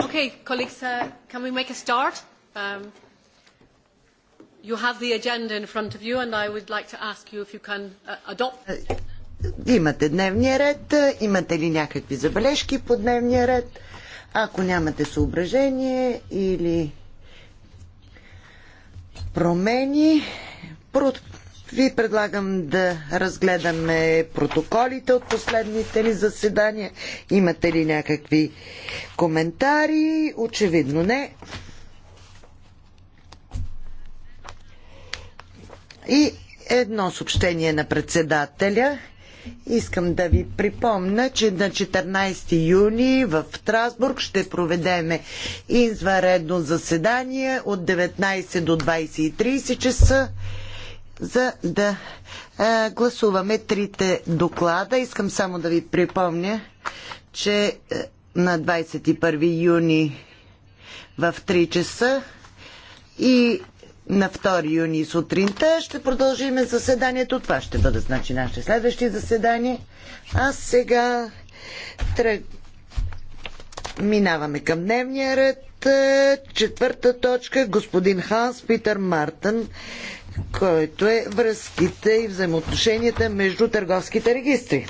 Okay, colleagues, uh, can we make a start? Um, you have the agenda in front of you, and I would like to ask you if you can uh, adopt. Имате дневния ред, имате ли някакви забележки по дневния ред? Ако нямате съображение или промени, ви предлагам да разгледаме протоколите от последните ни заседания. Имате ли някакви коментари? Очевидно не. И едно съобщение на председателя. Искам да ви припомня, че на 14 юни в Страсбург ще проведеме извънредно заседание от 19 до 20.30 часа за да а, е, гласуваме трите доклада. Искам само да ви припомня, че е, на 21 юни в 3 часа и на 2 юни сутринта ще продължим заседанието. Това ще бъде значи нашите следващи заседания. А сега тръг... минаваме към дневния ред. Е, четвърта точка господин Ханс Питър Мартън който е връзките и взаимоотношенията между търговските регистри.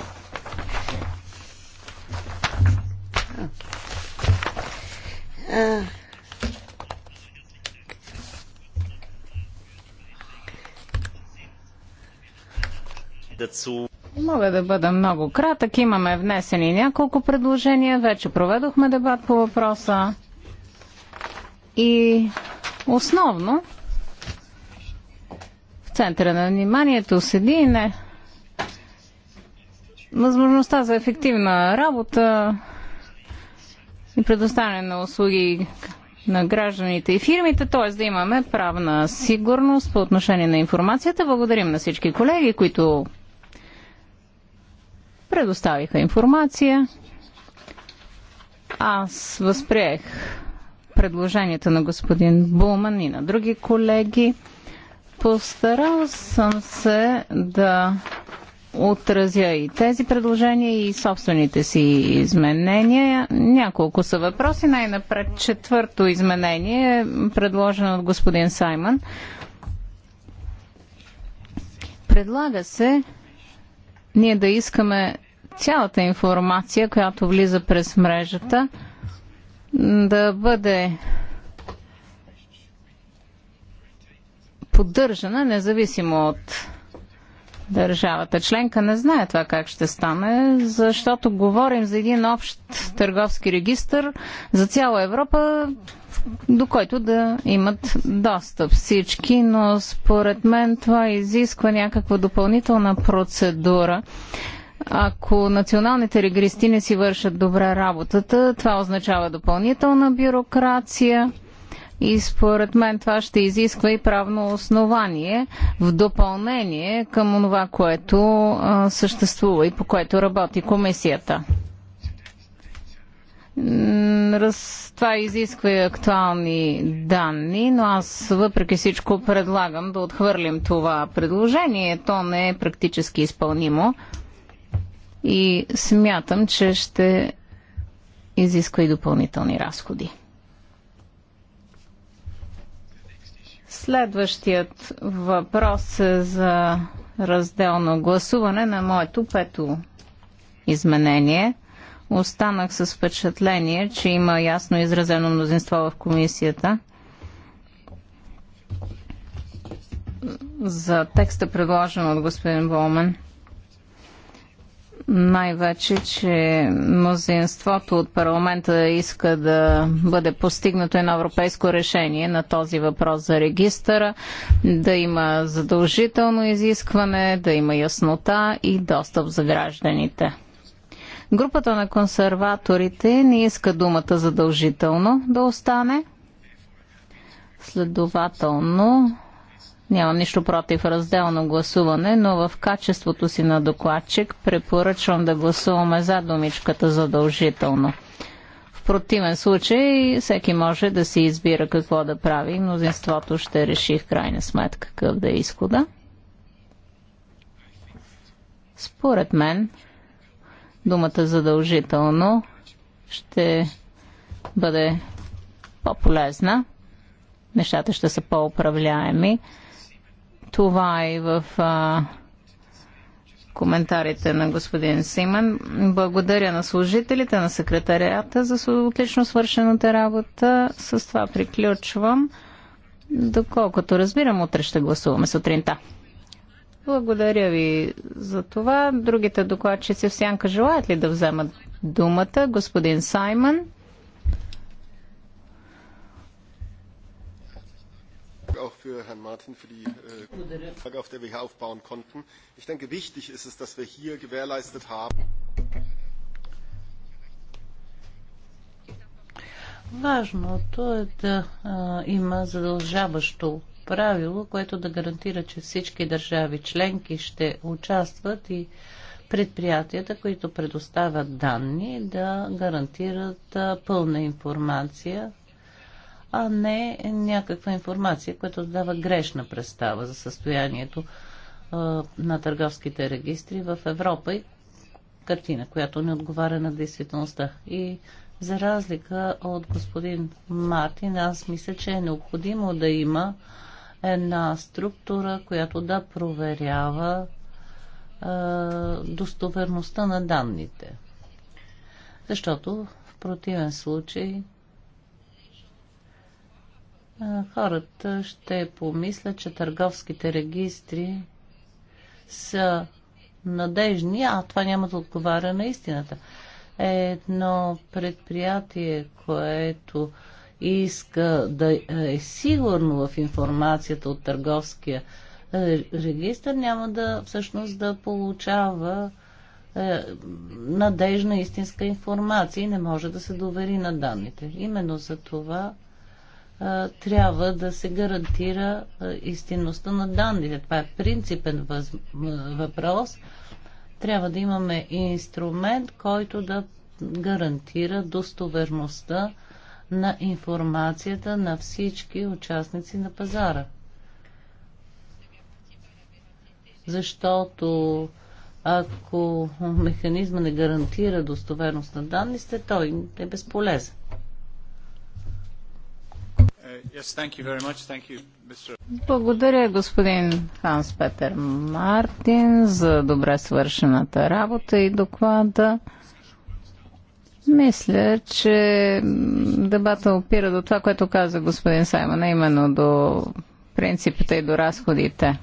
Мога да бъда много кратък. Имаме внесени няколко предложения. Вече проведохме дебат по въпроса. И основно центъра на вниманието седи не възможността за ефективна работа и предоставяне на услуги на гражданите и фирмите, т.е. да имаме правна сигурност по отношение на информацията. Благодарим на всички колеги, които предоставиха информация. Аз възприех предложенията на господин Булман и на други колеги. Постарал съм се да отразя и тези предложения и собствените си изменения. Няколко са въпроси. Най-напред четвърто изменение е предложено от господин Саймън. Предлага се ние да искаме цялата информация, която влиза през мрежата, да бъде поддържана, независимо от държавата членка. Не знае това как ще стане, защото говорим за един общ търговски регистр за цяла Европа, до който да имат достъп всички, но според мен това изисква някаква допълнителна процедура. Ако националните регристи не си вършат добре работата, това означава допълнителна бюрокрация и според мен това ще изисква и правно основание в допълнение към това, което а, съществува и по което работи комисията. Раз, това изисква и актуални данни, но аз въпреки всичко предлагам да отхвърлим това предложение. То не е практически изпълнимо и смятам, че ще изисква и допълнителни разходи. Следващият въпрос е за разделно гласуване на моето пето изменение. Останах с впечатление, че има ясно изразено мнозинство в комисията за текста, предложен от господин Болмен най-вече, че мнозинството от парламента иска да бъде постигнато едно европейско решение на този въпрос за регистъра, да има задължително изискване, да има яснота и достъп за гражданите. Групата на консерваторите не иска думата задължително да остане. Следователно, Нямам нищо против разделно гласуване, но в качеството си на докладчик препоръчвам да гласуваме за думичката задължително. В противен случай всеки може да си избира какво да прави. Мнозинството ще реши в крайна сметка какъв да е изхода. Според мен, думата задължително ще бъде по-полезна. Нещата ще са по-управляеми това и в а, коментарите на господин Симан. Благодаря на служителите, на секретарията за отлично свършената работа. С това приключвам. Доколкото разбирам, утре ще гласуваме сутринта. Благодаря ви за това. Другите докладчици в сянка желаят ли да вземат думата? Господин Саймън. auch für Herrn Martin für die äh, Frage, auf der wir hier aufbauen konnten. Ich denke, wichtig ist es, dass wir hier gewährleistet haben. Важното е да а, има задължаващо правило, което да гарантира, че всички държави членки ще участват и предприятията, които предоставят данни, да гарантират пълна информация а не някаква информация, която дава грешна представа за състоянието а, на търговските регистри в Европа и картина, която не отговаря на действителността. И за разлика от господин Мартин, аз мисля, че е необходимо да има една структура, която да проверява а, достоверността на данните. Защото в противен случай хората ще помислят, че търговските регистри са надежни, а това няма да отговаря на истината. Едно предприятие, което иска да е сигурно в информацията от търговския е, регистр, няма да всъщност да получава е, надежна истинска информация и не може да се довери на данните. Именно за това трябва да се гарантира истинността на данните. Това е принципен въз... въпрос. Трябва да имаме инструмент, който да гарантира достоверността на информацията на всички участници на пазара. Защото ако механизма не гарантира достоверност на данните, той е безполезен. Благодаря, господин Ханс Петър Мартин, за добре свършената работа и доклада. Мисля, че дебата опира до това, което каза господин Саймон, а именно до принципите и до разходите.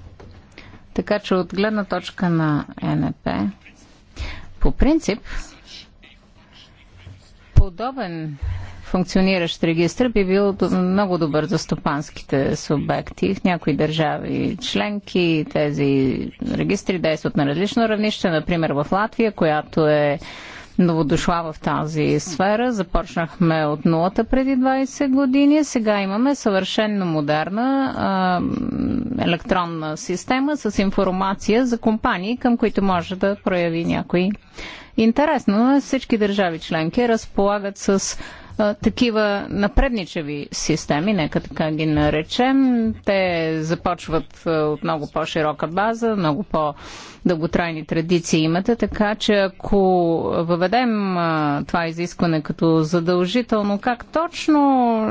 Така че от гледна точка на НП, по принцип, Подобен функциониращ регистр би бил много добър за стопанските субекти. В някои държави членки тези регистри действат на различно равнище. Например в Латвия, която е новодошла в тази сфера. Започнахме от нулата преди 20 години. Сега имаме съвършенно модерна а, електронна система с информация за компании, към които може да прояви някой Интересно е, всички държави членки разполагат с такива напредничеви системи, нека така ги наречем. Те започват от много по-широка база, много по-дълготрайни традиции имате, така че ако въведем а, това изискване като задължително, как точно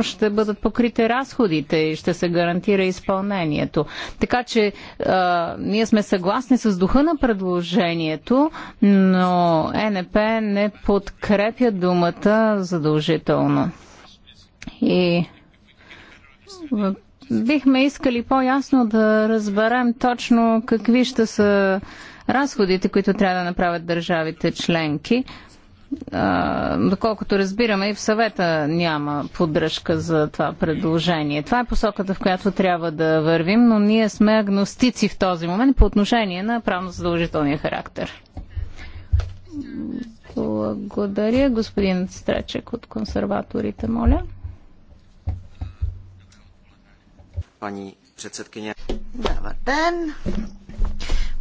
ще бъдат покрити разходите и ще се гарантира изпълнението. Така че а, ние сме съгласни с духа на предложението, но НП не подкрепя думата задължително положително. И бихме искали по-ясно да разберем точно какви ще са разходите, които трябва да направят държавите членки. А, доколкото разбираме, и в съвета няма поддръжка за това предложение. Това е посоката, в която трябва да вървим, но ние сме агностици в този момент по отношение на правно задължителния характер. Благодаря. Господин Стречек от консерваторите, моля. Пани председкиня. Добър ден.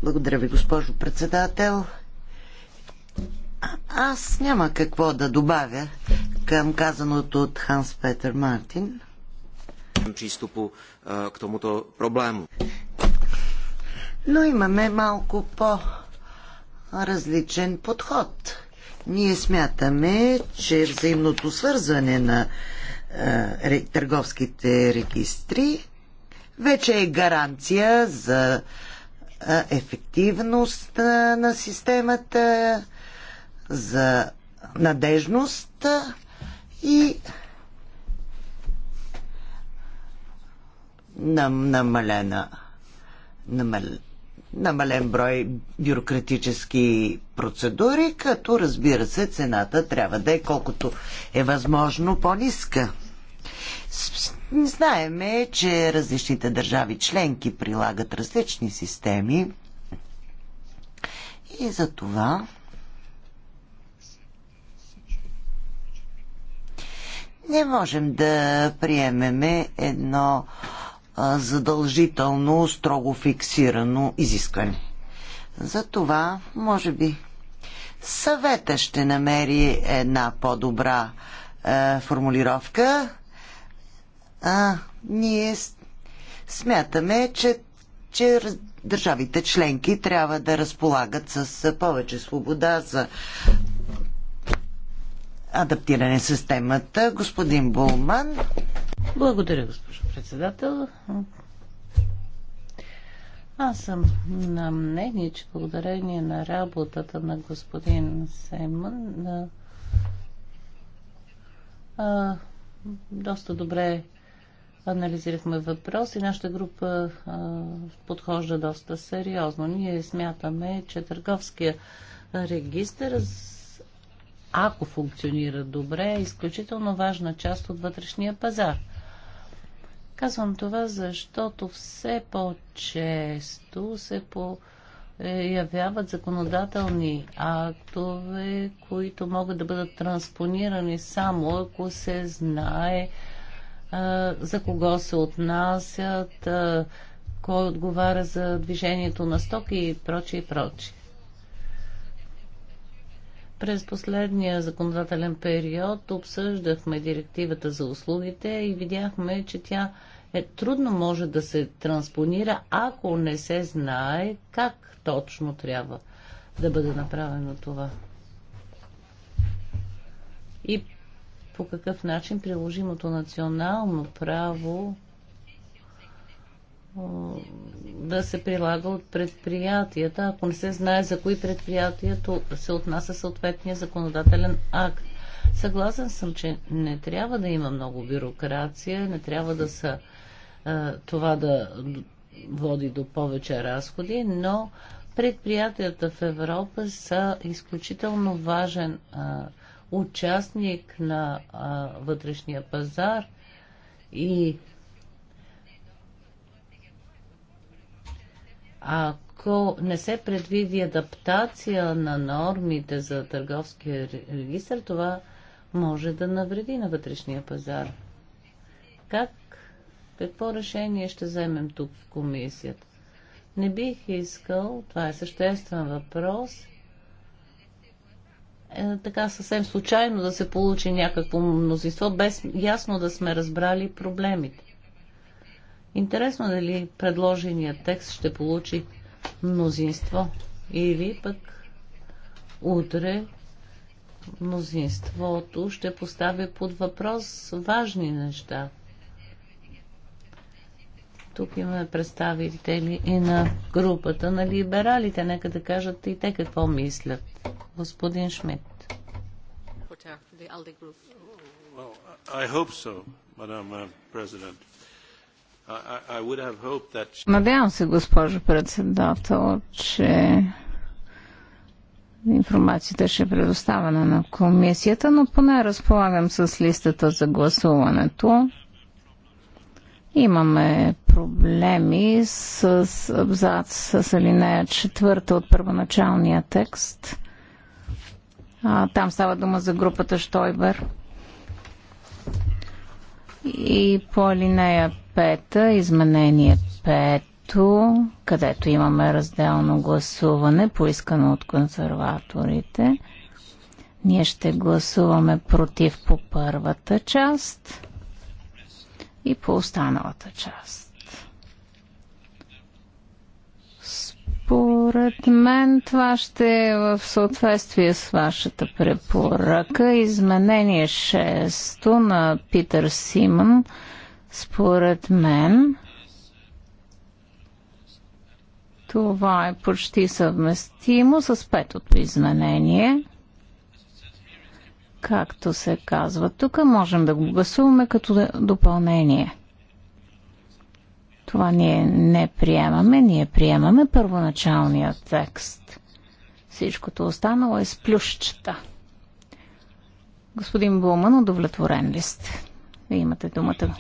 Благодаря ви, госпожо председател. Аз няма какво да добавя към казаното от Ханс Петър Мартин. Приступу к томуто проблему. Но имаме малко по-различен подход ние смятаме, че взаимното свързване на е, търговските регистри вече е гаранция за е, ефективност на, е, на системата, за надежност и нам, намалена намалена намален брой бюрократически процедури, като разбира се цената трябва да е колкото е възможно по-ниска. Знаеме, че различните държави членки прилагат различни системи и за това не можем да приемеме едно задължително, строго фиксирано изискване. Затова, може би, съвета ще намери една по-добра е, формулировка. А, ние смятаме, че, че държавите членки трябва да разполагат с повече свобода за адаптиране системата. Господин Булман. Благодаря, госпожо председател. Аз съм на мнение, че благодарение на работата на господин Семън на, а, доста добре анализирахме въпрос и нашата група а, подхожда доста сериозно. Ние смятаме, че търговския регистр ако функционира добре, е изключително важна част от вътрешния пазар. Казвам това, защото все по-често се по е, явяват законодателни актове, които могат да бъдат транспонирани само ако се знае а, за кого се отнасят, а, кой отговаря за движението на стоки и прочее и прочее. През последния законодателен период обсъждахме директивата за услугите и видяхме, че тя е, трудно може да се транспонира, ако не се знае как точно трябва да бъде направено това. И по какъв начин приложимото национално право да се прилага от предприятията, ако не се знае за кои предприятия, то се отнася съответния законодателен акт. Съгласен съм, че не трябва да има много бюрокрация, не трябва да са това да води до повече разходи, но предприятията в Европа са изключително важен а, участник на а, вътрешния пазар и Ако не се предвиди адаптация на нормите за търговския регистр, това може да навреди на вътрешния пазар. Как? Какво решение ще вземем тук в комисията? Не бих искал, това е съществен въпрос, е, така съвсем случайно да се получи някакво мнозинство, без ясно да сме разбрали проблемите. Интересно дали предложения текст ще получи мнозинство или пък утре мнозинството ще поставя под въпрос важни неща. Тук имаме представители и на групата на либералите. Нека да кажат и те какво мислят. Господин Шмидт. I hope so, Madam uh, President. Надявам се, госпожо председател, че информацията ще е предоставена на комисията, но поне разполагам с листата за гласуването. Имаме проблеми с абзац с алинея четвърта от първоначалния текст. А, там става дума за групата Штойбер. И по алинея пета, изменение пето, където имаме разделно гласуване, поискано от консерваторите. Ние ще гласуваме против по първата част и по останалата част. Според мен това ще е в съответствие с вашата препоръка. Изменение 6 на Питър Симън според мен това е почти съвместимо с петото изменение. Както се казва тук, можем да го гласуваме като допълнение. Това ние не приемаме, ние приемаме първоначалния текст. Всичкото останало е с плющчета. Господин Булман, удовлетворен ли сте? Вие имате думата.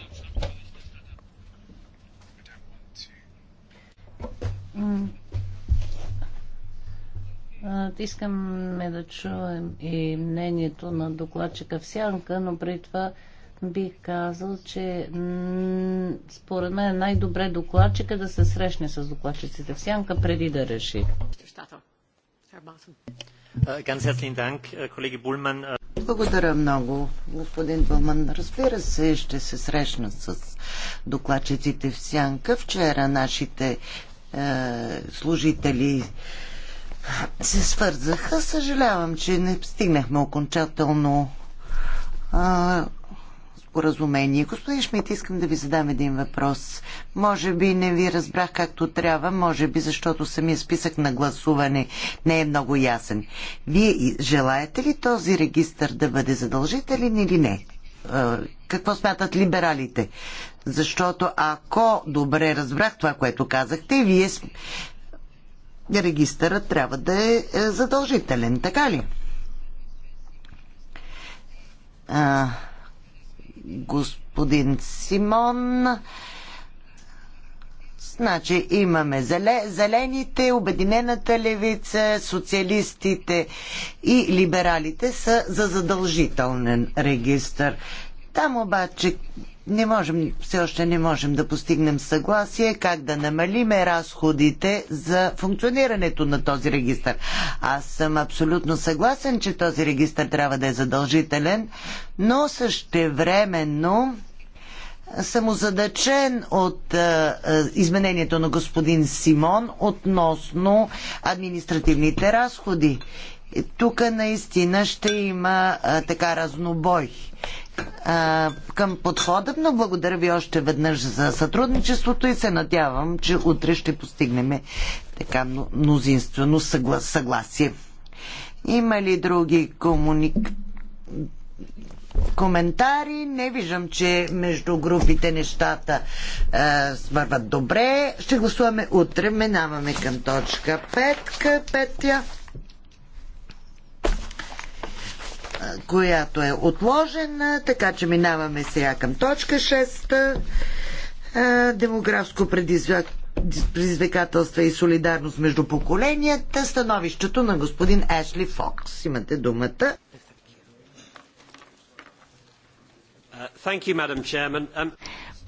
Искаме да чуем и мнението на докладчика в сянка, но при това бих казал, че според мен е най-добре докладчика да се срещне с докладчиците в сянка преди да реши. Äh, Благодаря много, господин Булман. Разбира се, ще се срещна с докладчиците в Сянка. Вчера нашите е, служители се свързаха. Съжалявам, че не стигнахме окончателно споразумение. Господин Шмит, искам да ви задам един въпрос. Може би не ви разбрах както трябва, може би защото самия списък на гласуване не е много ясен. Вие желаете ли този регистр да бъде задължителен или не? какво смятат либералите. Защото ако добре разбрах това, което казахте, вие регистърът трябва да е, е задължителен, така ли? А, господин Симон, Значи имаме зелените, обединената левица, социалистите и либералите са за задължителен регистр. Там обаче не можем, все още не можем да постигнем съгласие как да намалиме разходите за функционирането на този регистр. Аз съм абсолютно съгласен, че този регистр трябва да е задължителен, но същевременно временно самозадачен от е, е, изменението на господин Симон относно административните разходи. Тук наистина ще има а, е, така разнобой а, към подхода, но благодаря ви още веднъж за сътрудничеството и се надявам, че утре ще постигнем така мнозинствено съгласие. Има ли други комуник коментари. Не виждам, че между групите нещата е, добре. Ще гласуваме утре. Минаваме към точка 5. петия, която е отложена, така че минаваме сега към точка 6. Е, демографско предизвикателство и солидарност между поколенията. Становището на господин Ешли Фокс. Имате думата. Um,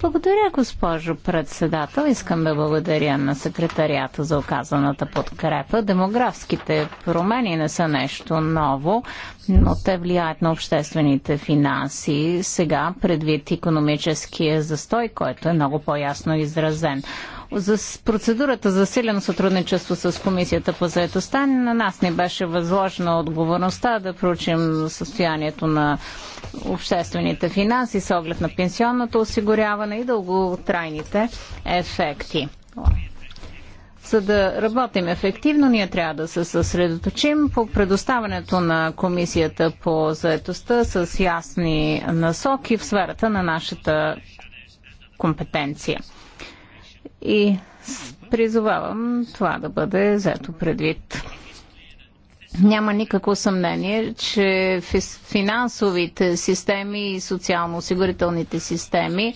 благодаря, госпожо председател. Искам да благодаря на секретарията за оказаната подкрепа. Демографските промени не са нещо ново, но те влияят на обществените финанси сега, предвид економическия застой, който е много по-ясно изразен. За процедурата за силено сътрудничество с Комисията по заедостта на нас не беше възложена отговорността да проучим състоянието на обществените финанси с оглед на пенсионното осигуряване и дълготрайните ефекти. За да работим ефективно, ние трябва да се съсредоточим по предоставянето на Комисията по заедостта с ясни насоки в сферата на нашата компетенция. И призовавам това да бъде взето предвид. Няма никакво съмнение, че финансовите системи и социално-осигурителните системи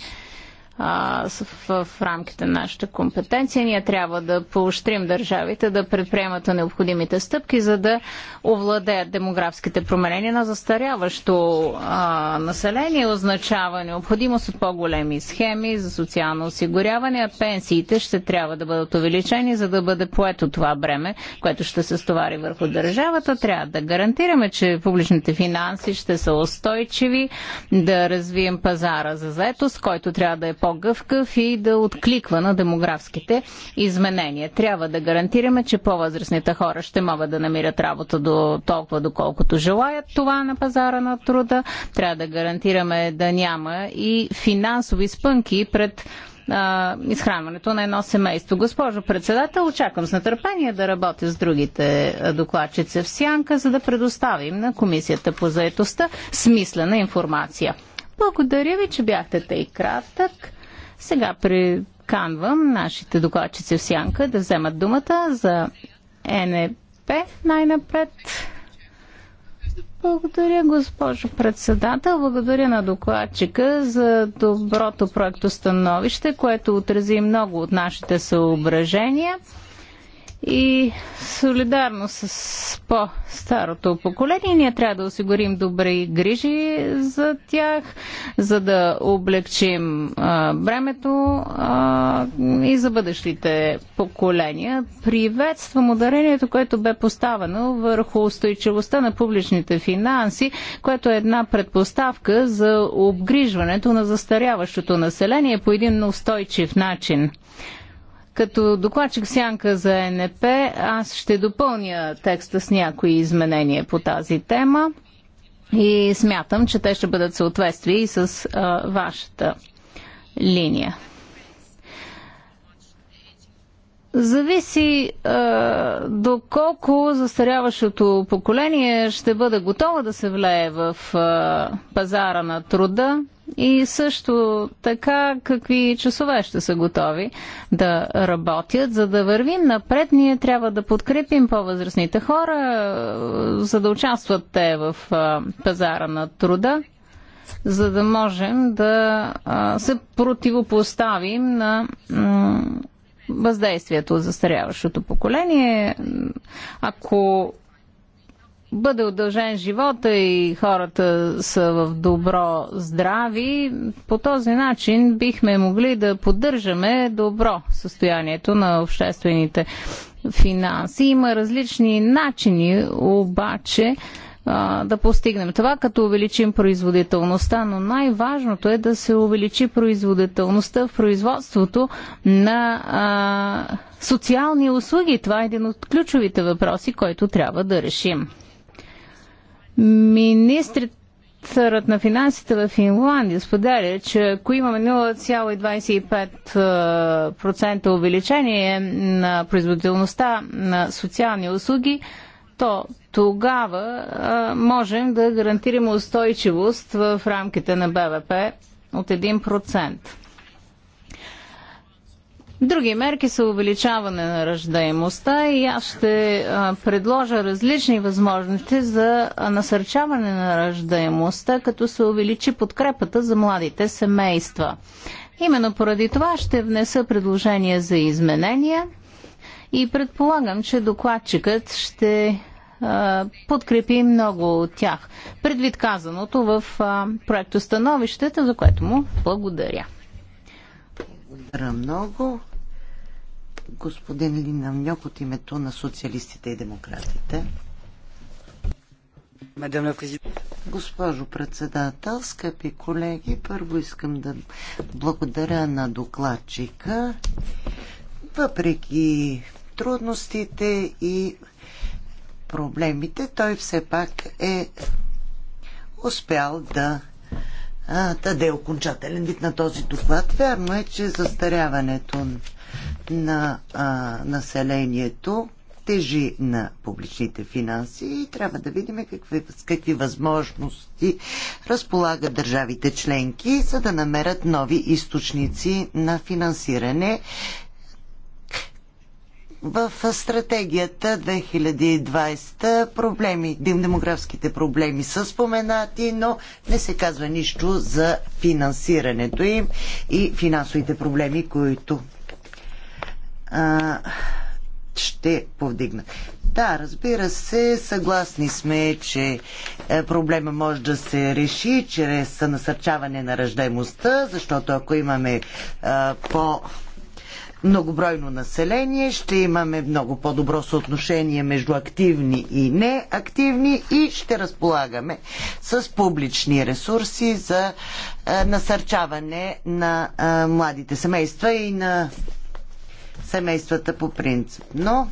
а, в, в рамките на нашата компетенция. Ние трябва да поощрим държавите да предприемат необходимите стъпки, за да овладеят демографските промени на застаряващо а, население. Означава необходимост от по-големи схеми за социално осигуряване, а пенсиите ще трябва да бъдат увеличени, за да бъде поето това бреме, което ще се стовари върху държавата. Трябва да гарантираме, че публичните финанси ще са устойчиви, да развием пазара за заетост, който трябва да е по по-гъвкав и да откликва на демографските изменения. Трябва да гарантираме, че по-възрастните хора ще могат да намират работа до толкова, доколкото желаят това на пазара на труда. Трябва да гарантираме да няма и финансови спънки пред изхранването на едно семейство. Госпожо председател, очаквам с нетърпение да работя с другите докладчици в сянка, за да предоставим на Комисията по заетостта смислена информация. Благодаря ви, че бяхте тъй кратък. Сега приканвам нашите докладчици в Сянка да вземат думата за НЕП най-напред. Благодаря, госпожо председател. Благодаря на докладчика за доброто проекто становище, което отрази много от нашите съображения и солидарно с по-старото поколение. Ние трябва да осигурим добри грижи за тях, за да облегчим а, бремето а, и за бъдещите поколения. Приветствам ударението, което бе поставено върху устойчивостта на публичните финанси, което е една предпоставка за обгрижването на застаряващото население по един устойчив начин. Като докладчик сянка за НП, аз ще допълня текста с някои изменения по тази тема и смятам, че те ще бъдат съответствие и с а, вашата линия. Зависи а, доколко застаряващото поколение ще бъде готово да се влее в а, пазара на труда и също така какви часове ще са готови да работят. За да вървим напред, ние трябва да подкрепим по-възрастните хора, а, за да участват те в а, пазара на труда, за да можем да а, се противопоставим на въздействието за старяващото поколение. Ако бъде удължен живота и хората са в добро здрави, по този начин бихме могли да поддържаме добро състоянието на обществените финанси. Има различни начини, обаче да постигнем това, като увеличим производителността, но най-важното е да се увеличи производителността в производството на а, социални услуги. Това е един от ключовите въпроси, който трябва да решим. Министрите на финансите в Финландия споделя, че ако имаме 0,25% увеличение на производителността на социални услуги, то тогава а, можем да гарантираме устойчивост в рамките на БВП от 1%. Други мерки са увеличаване на ръждаемостта и аз ще а, предложа различни възможности за насърчаване на ръждаемостта, като се увеличи подкрепата за младите семейства. Именно поради това ще внеса предложение за изменения – и предполагам, че докладчикът ще а, подкрепи много от тях. Предвид казаното в а, проекто за което му благодаря. Благодаря много. Господин Лина Линамньок от името на социалистите и демократите. Госпожо председател, скъпи колеги, първо искам да благодаря на докладчика. Въпреки трудностите и проблемите, той все пак е успял да даде окончателен вид на този доклад. Вярно е, че застаряването на а, населението тежи на публичните финанси и трябва да видим какви, какви възможности разполагат държавите членки, за да намерят нови източници на финансиране в стратегията 2020 проблеми, демографските проблеми са споменати, но не се казва нищо за финансирането им и финансовите проблеми, които а, ще повдигнат. Да, разбира се, съгласни сме, че е, проблема може да се реши чрез насърчаване на ръждаемостта, защото ако имаме а, по- многобройно население, ще имаме много по-добро съотношение между активни и неактивни и ще разполагаме с публични ресурси за е, насърчаване на е, младите семейства и на семействата по принцип. Но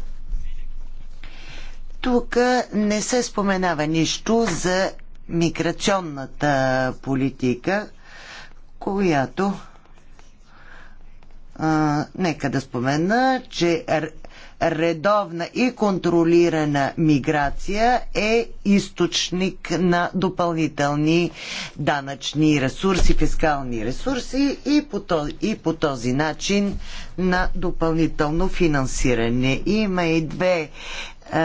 тук не се споменава нищо за миграционната политика, която а, нека да спомена, че редовна и контролирана миграция е източник на допълнителни данъчни ресурси, фискални ресурси и по, този, и по този начин на допълнително финансиране. Има и две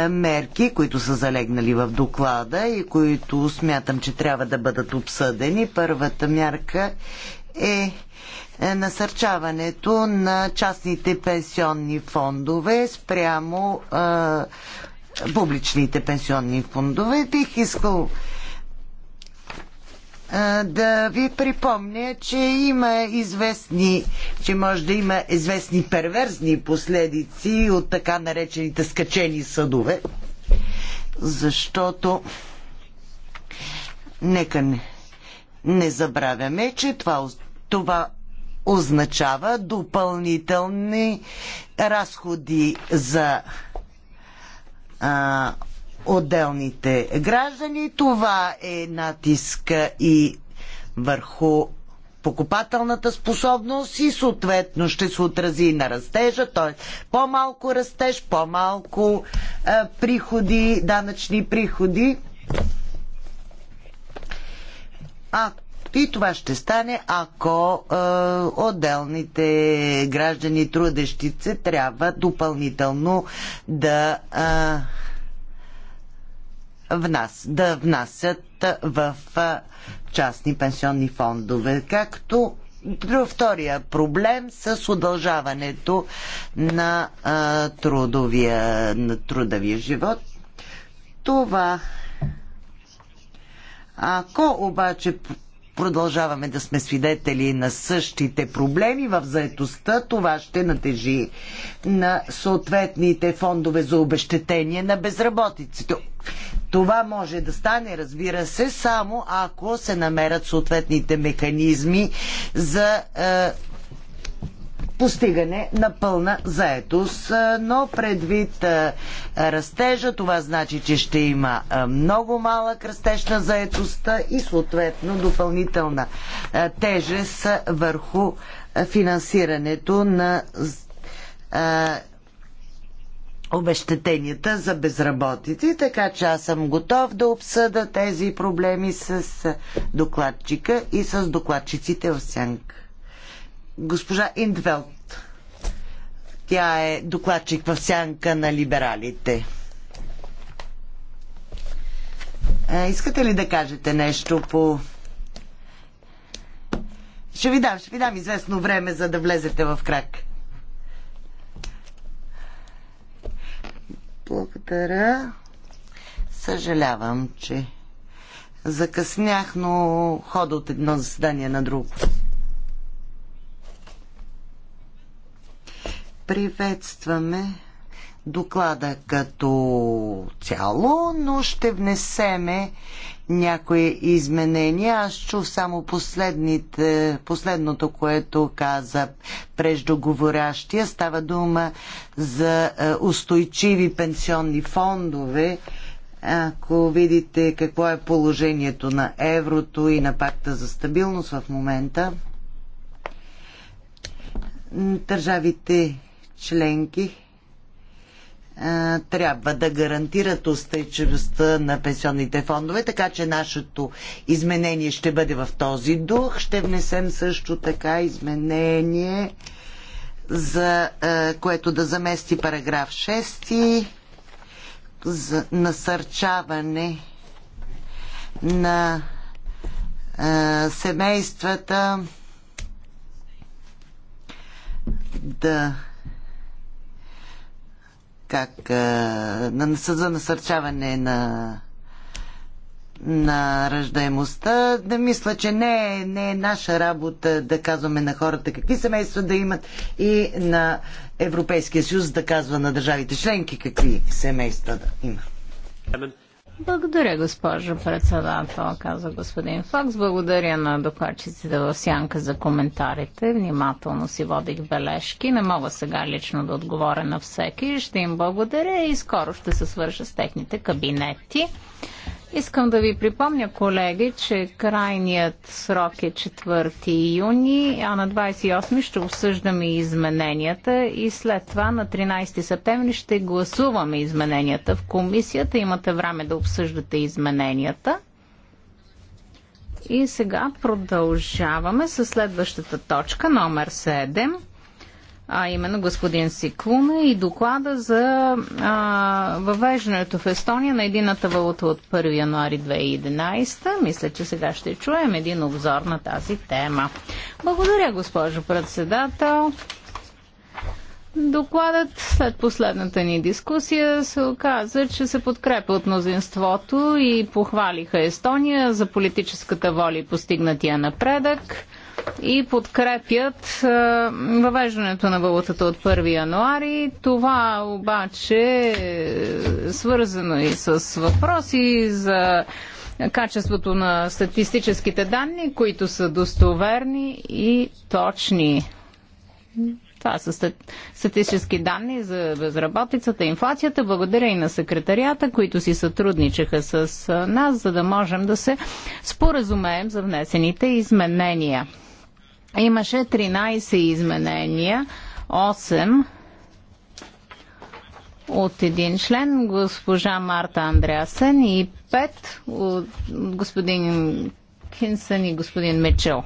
мерки, които са залегнали в доклада и които смятам, че трябва да бъдат обсъдени. Първата мярка е е насърчаването на частните пенсионни фондове спрямо а, публичните пенсионни фондове. Бих искал а, да ви припомня, че има известни, че може да има известни перверзни последици от така наречените скачени съдове, защото нека не, не забравяме, че това, това означава допълнителни разходи за а, отделните граждани. Това е натиска и върху покупателната способност и съответно ще се отрази на растежа, т.е. по-малко растеж, по-малко приходи, данъчни приходи. А и това ще стане, ако е, отделните граждани трудещици трябва допълнително да е, внас, да внасят в е, частни пенсионни фондове, както Втория проблем с удължаването на, а, е, трудовия, на трудовия живот. Това. Ако обаче продължаваме да сме свидетели на същите проблеми в заетостта, това ще натежи на съответните фондове за обещетение на безработиците. Това може да стане, разбира се, само ако се намерят съответните механизми за е, постигане на пълна заетост. Но предвид растежа, това значи, че ще има много малък растеж на заетостта и съответно допълнителна тежест върху финансирането на обещетенията за безработици, така че аз съм готов да обсъда тези проблеми с докладчика и с докладчиците в сянка госпожа Индвелт. Тя е докладчик в сянка на либералите. Е, искате ли да кажете нещо по... Ще ви дам, ще ви дам известно време, за да влезете в крак. Благодаря. Съжалявам, че закъснях, но хода от едно заседание на друго. Приветстваме доклада като цяло, но ще внесеме някои изменения. Аз чух само последните, последното, което каза преждоговорящия. Става дума за е, устойчиви пенсионни фондове. Ако видите какво е положението на еврото и на пакта за стабилност в момента, държавите членки трябва да гарантират устойчивостта на пенсионните фондове, така че нашето изменение ще бъде в този дух. Ще внесем също така изменение, за, което да замести параграф 6 за насърчаване на семействата да как на, за насърчаване на на ръждаемостта. Да мисля, че не е, не е наша работа да казваме на хората какви семейства да имат и на Европейския съюз да казва на държавите членки какви семейства да има. Благодаря, госпожо председател, каза господин Факс. Благодаря на докладчиците в сянка за коментарите. Внимателно си водих бележки. Не мога сега лично да отговоря на всеки. Ще им благодаря и скоро ще се свържа с техните кабинети. Искам да ви припомня, колеги, че крайният срок е 4 юни, а на 28 ще обсъждаме измененията и след това на 13 септември ще гласуваме измененията в комисията. Имате време да обсъждате измененията. И сега продължаваме с следващата точка, номер 7 а именно господин Сиклуна и доклада за а, въвеждането в Естония на едината валута от 1 януари 2011. Мисля, че сега ще чуем един обзор на тази тема. Благодаря, госпожо председател. Докладът след последната ни дискусия се оказа, че се подкрепа от мнозинството и похвалиха Естония за политическата воля и постигнатия напредък и подкрепят е, въвеждането на валутата от 1 януари. Това обаче е свързано и с въпроси за качеството на статистическите данни, които са достоверни и точни. Това са статистически данни за безработицата, инфлацията. Благодаря и на секретарията, които си сътрудничаха с нас, за да можем да се споразумеем за внесените изменения. Имаше 13 изменения, 8 от един член, госпожа Марта Андреасен и 5 от господин Кинсън и господин Мечел.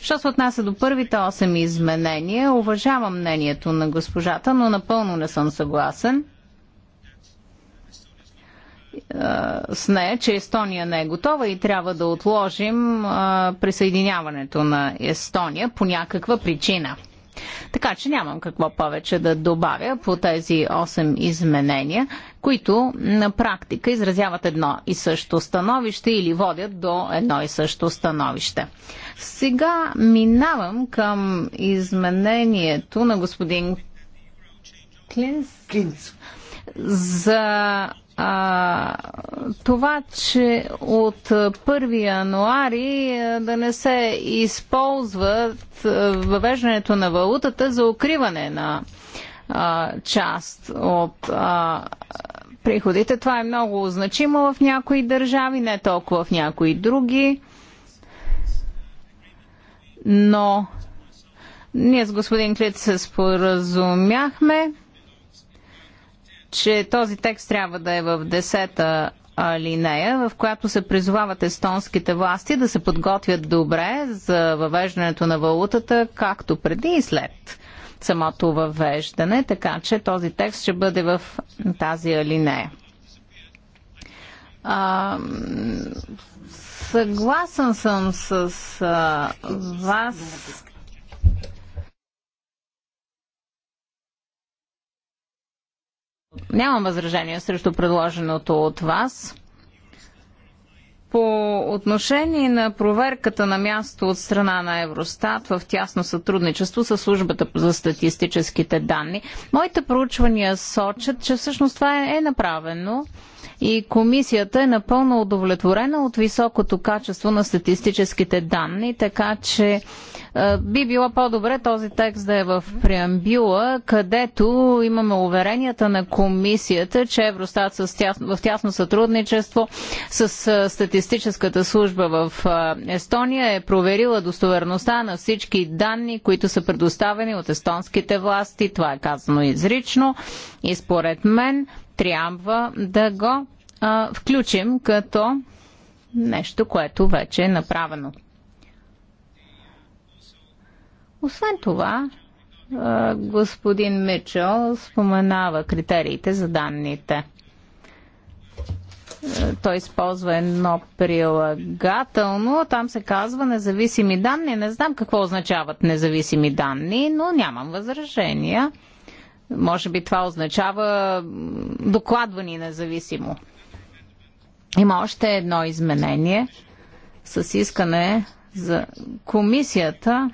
Що се отнася до първите 8 изменения, уважавам мнението на госпожата, но напълно не съм съгласен – е, с нея, че Естония не е готова и трябва да отложим е, присъединяването на Естония по някаква причина. Така че нямам какво повече да добавя по тези 8 изменения, които на практика изразяват едно и също становище или водят до едно и също становище. Сега минавам към изменението на господин Клинц. за а, това, че от 1 януари е, да не се използват е, въвеждането на валутата за укриване на а, част от а, приходите. Това е много значимо в някои държави, не толкова в някои други. Но ние с господин Клит се споразумяхме че този текст трябва да е в десета линея, в която се призовават естонските власти да се подготвят добре за въвеждането на валутата, както преди и след самото въвеждане, така че този текст ще бъде в тази алинея. А, съгласен съм с а, вас Нямам възражение срещу предложеното от вас. По отношение на проверката на място от страна на Евростат в тясно сътрудничество с службата за статистическите данни, моите проучвания сочат, че всъщност това е направено и комисията е напълно удовлетворена от високото качество на статистическите данни, така че е, би било по-добре този текст да е в преамбюла, където имаме уверенията на комисията, че Евростат в тясно сътрудничество с е, статистическата служба в е, Естония е проверила достоверността на всички данни, които са предоставени от естонските власти. Това е казано изрично и според мен трябва да го а, включим като нещо, което вече е направено. Освен това, господин Мичел споменава критериите за данните. Той използва едно прилагателно, там се казва независими данни. Не знам какво означават независими данни, но нямам възражения. Може би това означава докладвани независимо. Има още едно изменение с искане за комисията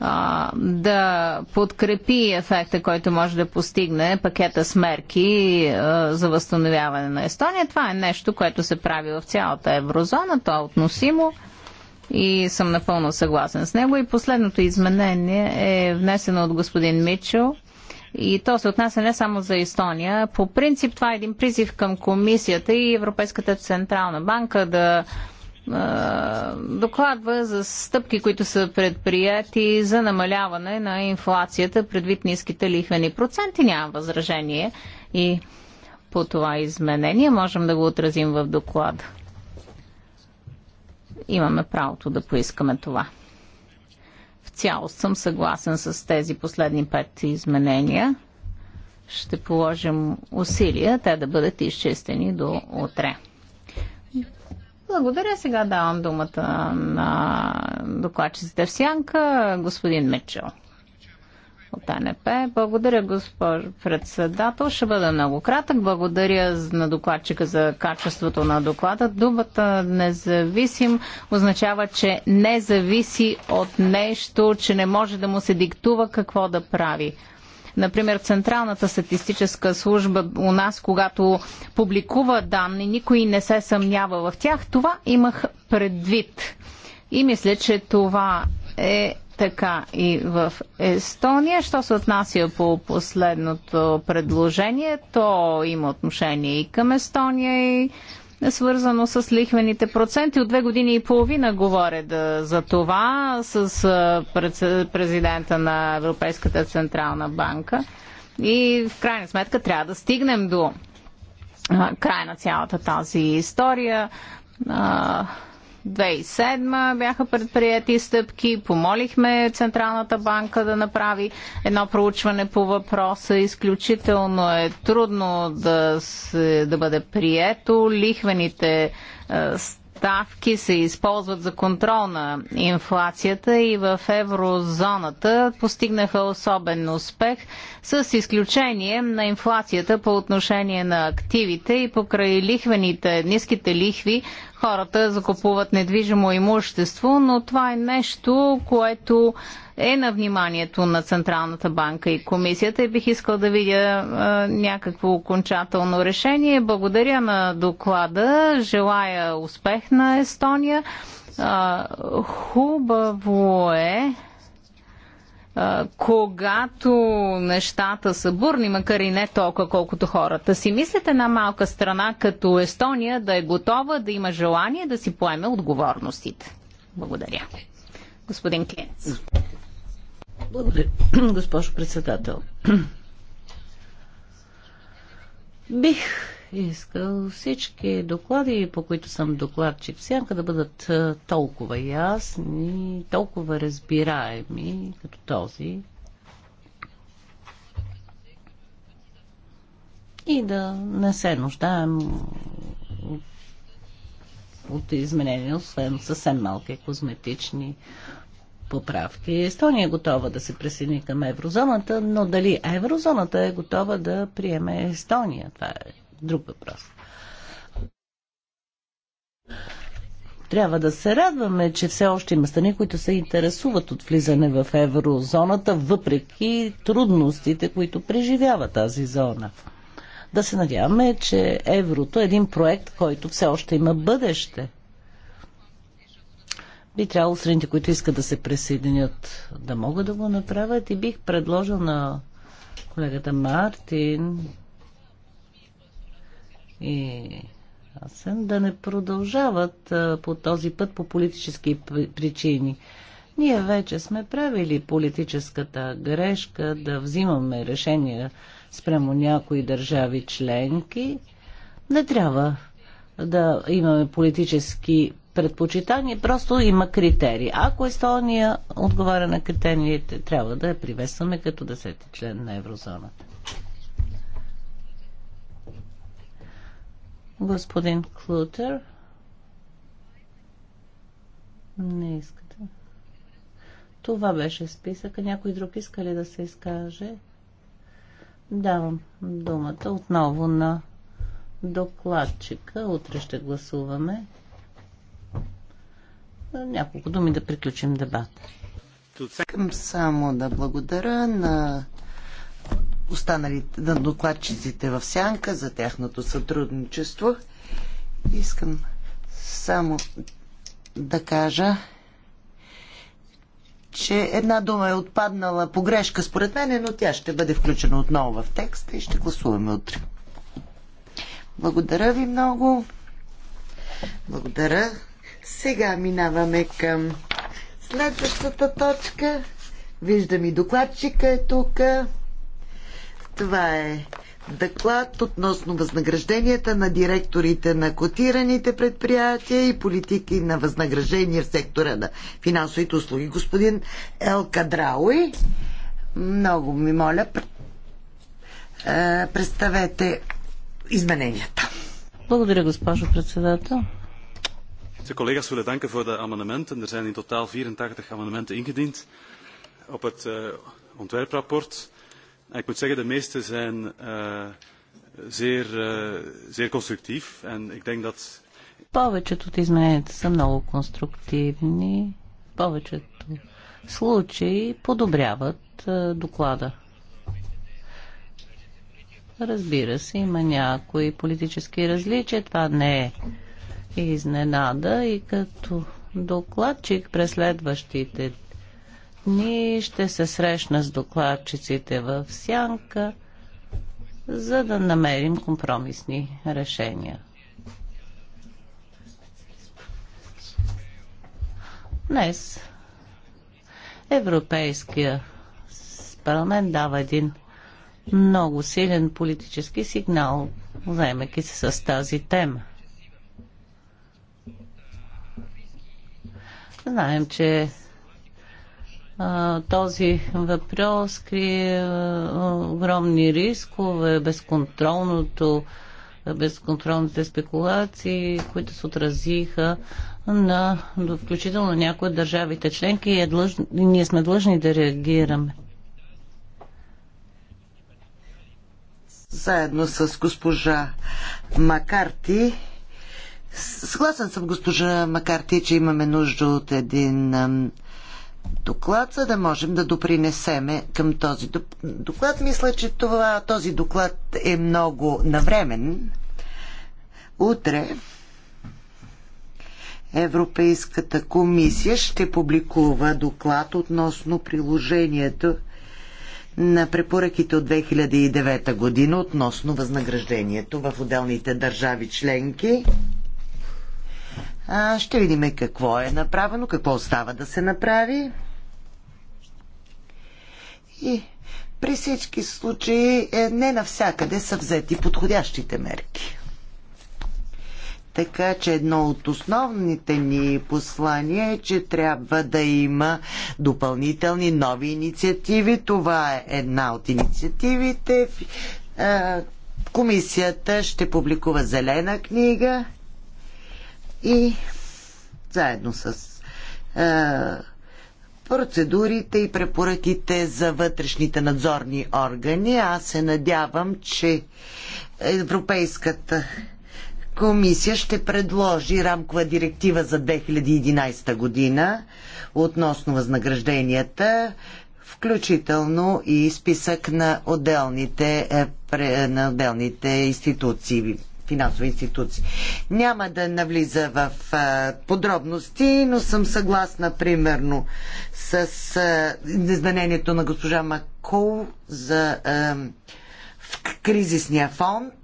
а, да подкрепи ефекта, който може да постигне пакета с мерки а, за възстановяване на Естония. Това е нещо, което се прави в цялата еврозона, то е относимо и съм напълно съгласен с него. И последното изменение е внесено от господин Мичел. И то се отнася не само за Естония. По принцип това е един призив към комисията и Европейската централна банка да докладва за стъпки, които са предприяти за намаляване на инфлацията предвид ниските лихвени проценти. Няма възражение и по това изменение можем да го отразим в доклада. Имаме правото да поискаме това. В цялост съм съгласен с тези последни пет изменения. Ще положим усилия те да бъдат изчистени до утре. Благодаря. Сега давам думата на докладчицата в сянка, господин Мичел от АНП. Благодаря, госпожо председател. Ще бъда много кратък. Благодаря на докладчика за качеството на доклада. Думата независим означава, че не зависи от нещо, че не може да му се диктува какво да прави. Например, Централната статистическа служба у нас, когато публикува данни, никой не се съмнява в тях. Това имах предвид. И мисля, че това е така и в Естония. Що се отнася по последното предложение, то има отношение и към Естония, и свързано с лихвените проценти. От две години и половина говоря да, за това с президента на Европейската централна банка. И в крайна сметка трябва да стигнем до края на цялата тази история. 2007 бяха предприяти стъпки, помолихме Централната банка да направи едно проучване по въпроса. Изключително е трудно да, се, да бъде прието. Лихвените е, ставки се използват за контрол на инфлацията и в еврозоната постигнаха особен успех с изключение на инфлацията по отношение на активите и покрай лихвените, ниските лихви хората закупуват недвижимо имущество, но това е нещо, което е на вниманието на Централната банка и комисията и бих искал да видя а, някакво окончателно решение. Благодаря на доклада, желая успех на Естония. А, хубаво е когато нещата са бурни, макар и не толкова, колкото хората си мислят, една малка страна като Естония да е готова, да има желание да си поеме отговорностите. Благодаря. Господин Кенц. Благодаря, госпожо председател. Бих искал всички доклади, по които съм докладчик сянка, да бъдат е, толкова ясни, толкова разбираеми, като този. И да не се нуждаем от изменения, освен съвсем малки козметични поправки. Естония е готова да се присъедини към еврозоната, но дали еврозоната е готова да приеме Естония? Това е друг въпрос. Трябва да се радваме, че все още има страни, които се интересуват от влизане в еврозоната, въпреки трудностите, които преживява тази зона. Да се надяваме, че еврото е един проект, който все още има бъдеще. Би трябвало страните, които искат да се присъединят, да могат да го направят и бих предложил на колегата Мартин и Асен да не продължават по този път по политически причини. Ние вече сме правили политическата грешка да взимаме решения спрямо някои държави членки. Не трябва да имаме политически предпочитания, просто има критерии. Ако Естония отговаря на критериите, трябва да я приветстваме като десети член на еврозоната. Господин Клутер. Не искате. Това беше списъка. Някой друг иска ли да се изкаже? Давам думата отново на докладчика. Утре ще гласуваме. Няколко думи да приключим дебата. Искам само да благодаря на останалите на докладчиците в Сянка за тяхното сътрудничество. Искам само да кажа, че една дума е отпаднала погрешка според мен, но тя ще бъде включена отново в текста и ще гласуваме утре. Благодаря ви много. Благодаря. Сега минаваме към следващата точка. Виждам и докладчика е тук. Това е доклад относно възнагражденията на директорите на котираните предприятия и политики на възнаграждения в сектора на финансовите услуги. Господин Ел Кадрауи, много ми моля, е, представете измененията. Благодаря, госпожо председател. De collega's willen danken voor de amendementen. Er zijn in totaal 84 amendementen ingediend op het uh, ontwerprapport ik moet zeggen, de meeste zijn eh, zeer, eh, zeer constructief. En ik denk dat... Повечето от измененията са много конструктивни. Повечето случаи подобряват е, доклада. Разбира се, има някои политически различия. Това не е изненада и като докладчик през следващите дни ще се срещна с докладчиците в Сянка, за да намерим компромисни решения. Днес Европейския парламент дава един много силен политически сигнал, заемайки се с тази тема. Знаем, че този въпрос крие огромни рискове, безконтролното, безконтролните спекулации, които се отразиха на включително някои от държавите членки и е длъж, ние сме длъжни да реагираме. Заедно с госпожа Макарти Съгласен съм, госпожа Макарти, че имаме нужда от един доклад, за да можем да допринесеме към този доклад. Мисля, че това, този доклад е много навремен. Утре Европейската комисия ще публикува доклад относно приложението на препоръките от 2009 година относно възнаграждението в отделните държави членки. А, ще видим какво е направено, какво остава да се направи. И при всички случаи е, не навсякъде са взети подходящите мерки. Така че едно от основните ни послания е, че трябва да има допълнителни нови инициативи. Това е една от инициативите. Е, комисията ще публикува зелена книга и заедно с е, процедурите и препоръките за вътрешните надзорни органи. Аз се надявам, че Европейската комисия ще предложи рамкова директива за 2011 година относно възнагражденията, включително и списък на отделните, е, на отделните институции финансови институции. Няма да навлиза в подробности, но съм съгласна примерно с изменението на госпожа Макол за кризисния фонд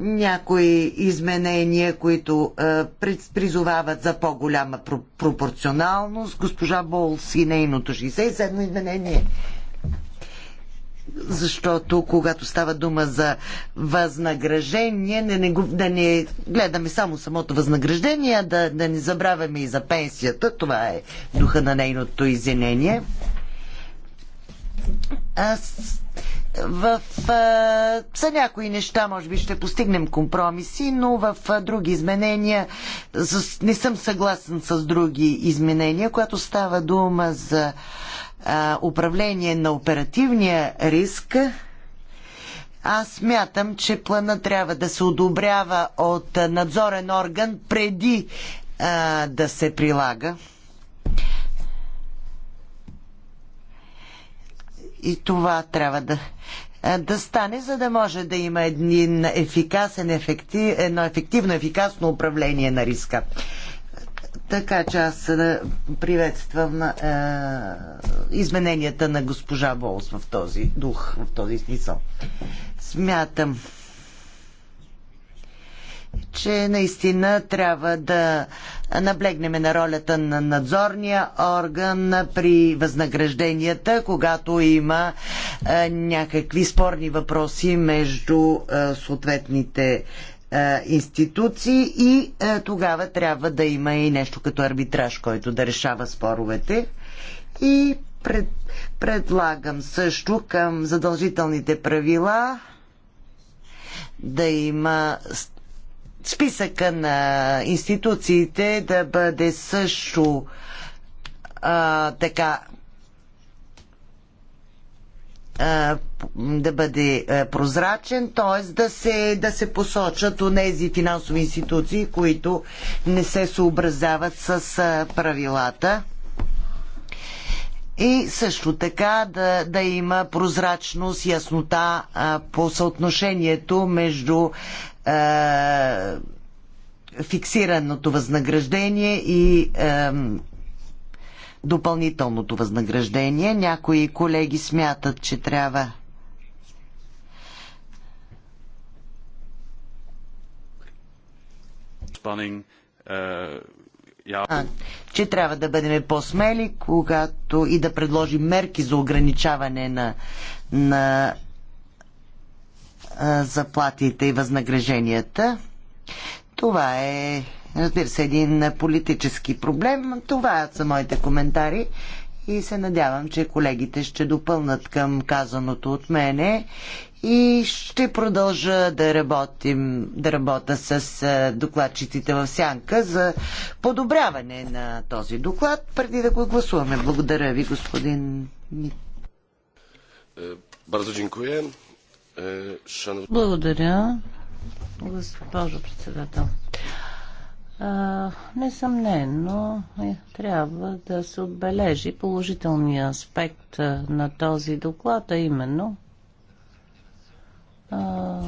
някои изменения, които а, призовават за по-голяма пропорционалност. Госпожа Болс и нейното 67 изменение защото когато става дума за възнаграждение, не, не, да не гледаме само самото възнаграждение, да, да не забравяме и за пенсията. Това е духа на нейното извинение. Аз в а, са някои неща може би ще постигнем компромиси, но в а, други изменения с, не съм съгласен с други изменения, когато става дума за а, а, управление на оперативния риск, аз смятам, че плана трябва да се одобрява от надзорен орган преди а, да се прилага. И това трябва да, да стане, за да може да има един ефикасен, ефектив, едно ефективно, ефикасно управление на риска. Така че аз е, приветствам е, измененията на госпожа Волс в този дух, в този смисъл. Смятам, че наистина трябва да наблегнеме на ролята на надзорния орган при възнагражденията, когато има е, някакви спорни въпроси между е, съответните е, институции и е, тогава трябва да има и нещо като арбитраж, който да решава споровете. И пред, предлагам също към задължителните правила да има списъка на институциите да бъде също а, така да бъде прозрачен, т.е. Да се, да се посочат у нези финансови институции, които не се съобразяват с правилата. И също така да, да има прозрачност, яснота а, по съотношението между а, фиксираното възнаграждение и а, допълнителното възнаграждение. Някои колеги смятат, че трябва uh, а, че трябва да бъдем по-смели, когато и да предложим мерки за ограничаване на, на а, заплатите и възнагражденията. Това е разбира се, един политически проблем. Това са моите коментари и се надявам, че колегите ще допълнат към казаното от мене и ще продължа да работим, да работя с докладчиците в сянка за подобряване на този доклад, преди да го гласуваме. Благодаря ви, господин Бързо дякую. Е, Благодаря, госпожо председател. А, несъмнено е, трябва да се отбележи положителния аспект на този доклад, а именно а,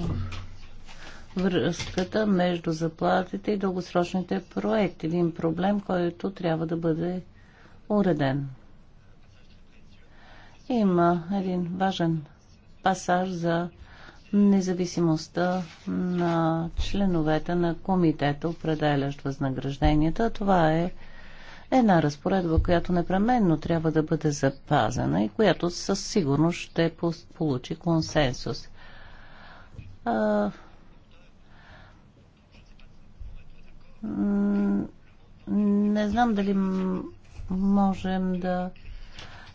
връзката между заплатите и дългосрочните проекти. Един проблем, който трябва да бъде уреден. Има един важен пасаж за независимостта на членовете на комитета, определящ възнагражденията. Това е една разпоредба, която непременно трябва да бъде запазена и която със сигурност ще получи консенсус. А... Не знам дали можем да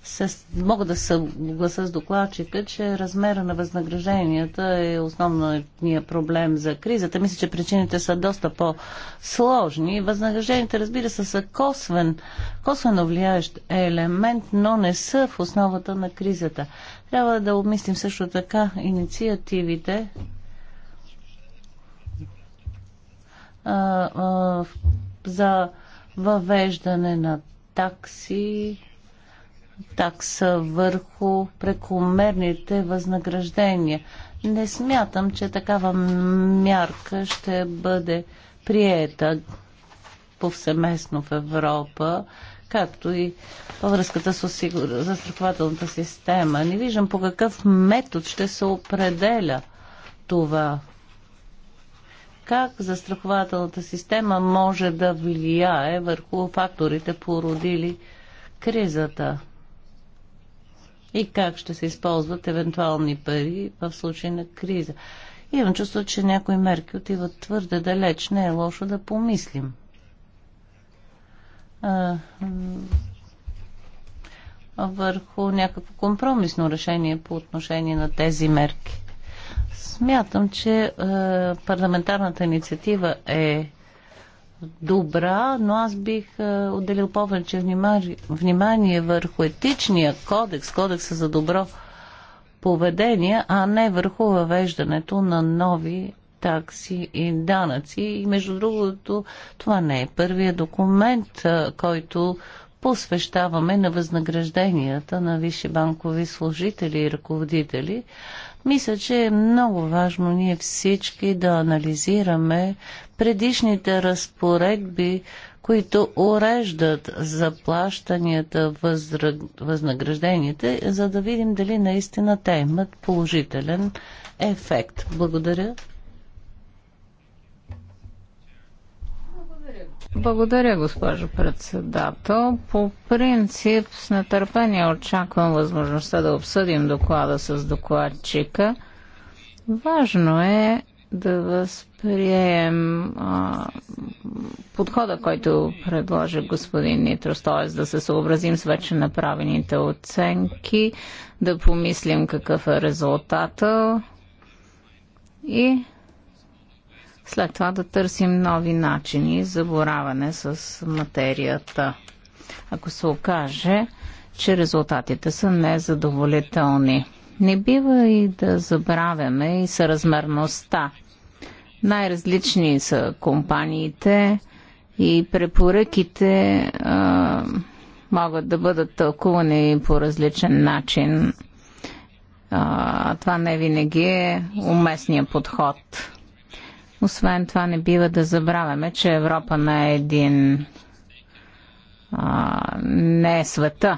се, мога да съгласа с докладчика, че размера на възнагражденията е основният проблем за кризата. Мисля, че причините са доста по-сложни. Възнагражденията, разбира се, са косвен, косвено влияещ елемент, но не са в основата на кризата. Трябва да обмислим също така инициативите, за въвеждане на такси, такса върху прекомерните възнаграждения. Не смятам, че такава мярка ще бъде приета повсеместно в Европа, както и във връзката с осигур... застрахователната система. Не виждам по какъв метод ще се определя това. Как застрахователната система може да влияе върху факторите, породили кризата? и как ще се използват евентуални пари в случай на криза. Имам чувство, че някои мерки отиват твърде далеч. Не е лошо да помислим. А, върху някакво компромисно решение по отношение на тези мерки. Смятам, че е, парламентарната инициатива е добра, но аз бих е, отделил повече внимание, внимание върху етичния кодекс, кодекса за добро поведение, а не върху въвеждането на нови такси и данъци. И между другото, това не е първият документ, е, който посвещаваме на възнагражденията на висши банкови служители и ръководители. Мисля, че е много важно ние всички да анализираме предишните разпоредби, които уреждат заплащанията, възра... възнагражденията, за да видим дали наистина те имат положителен ефект. Благодаря. Благодаря, госпожо председател. По принцип с нетърпение очаквам възможността да обсъдим доклада с докладчика. Важно е да възприем а, подхода, който предложи господин Нитрос, т.е. да се съобразим с вече направените оценки, да помислим какъв е резултата и след това да търсим нови начини за бораване с материята. Ако се окаже, че резултатите са незадоволителни. Не бива и да забравяме и съразмерността. Най-различни са компаниите и препоръките а, могат да бъдат тълкувани по различен начин. А, това не винаги е уместният подход. Освен това не бива да забравяме, че Европа не е един а, не е света.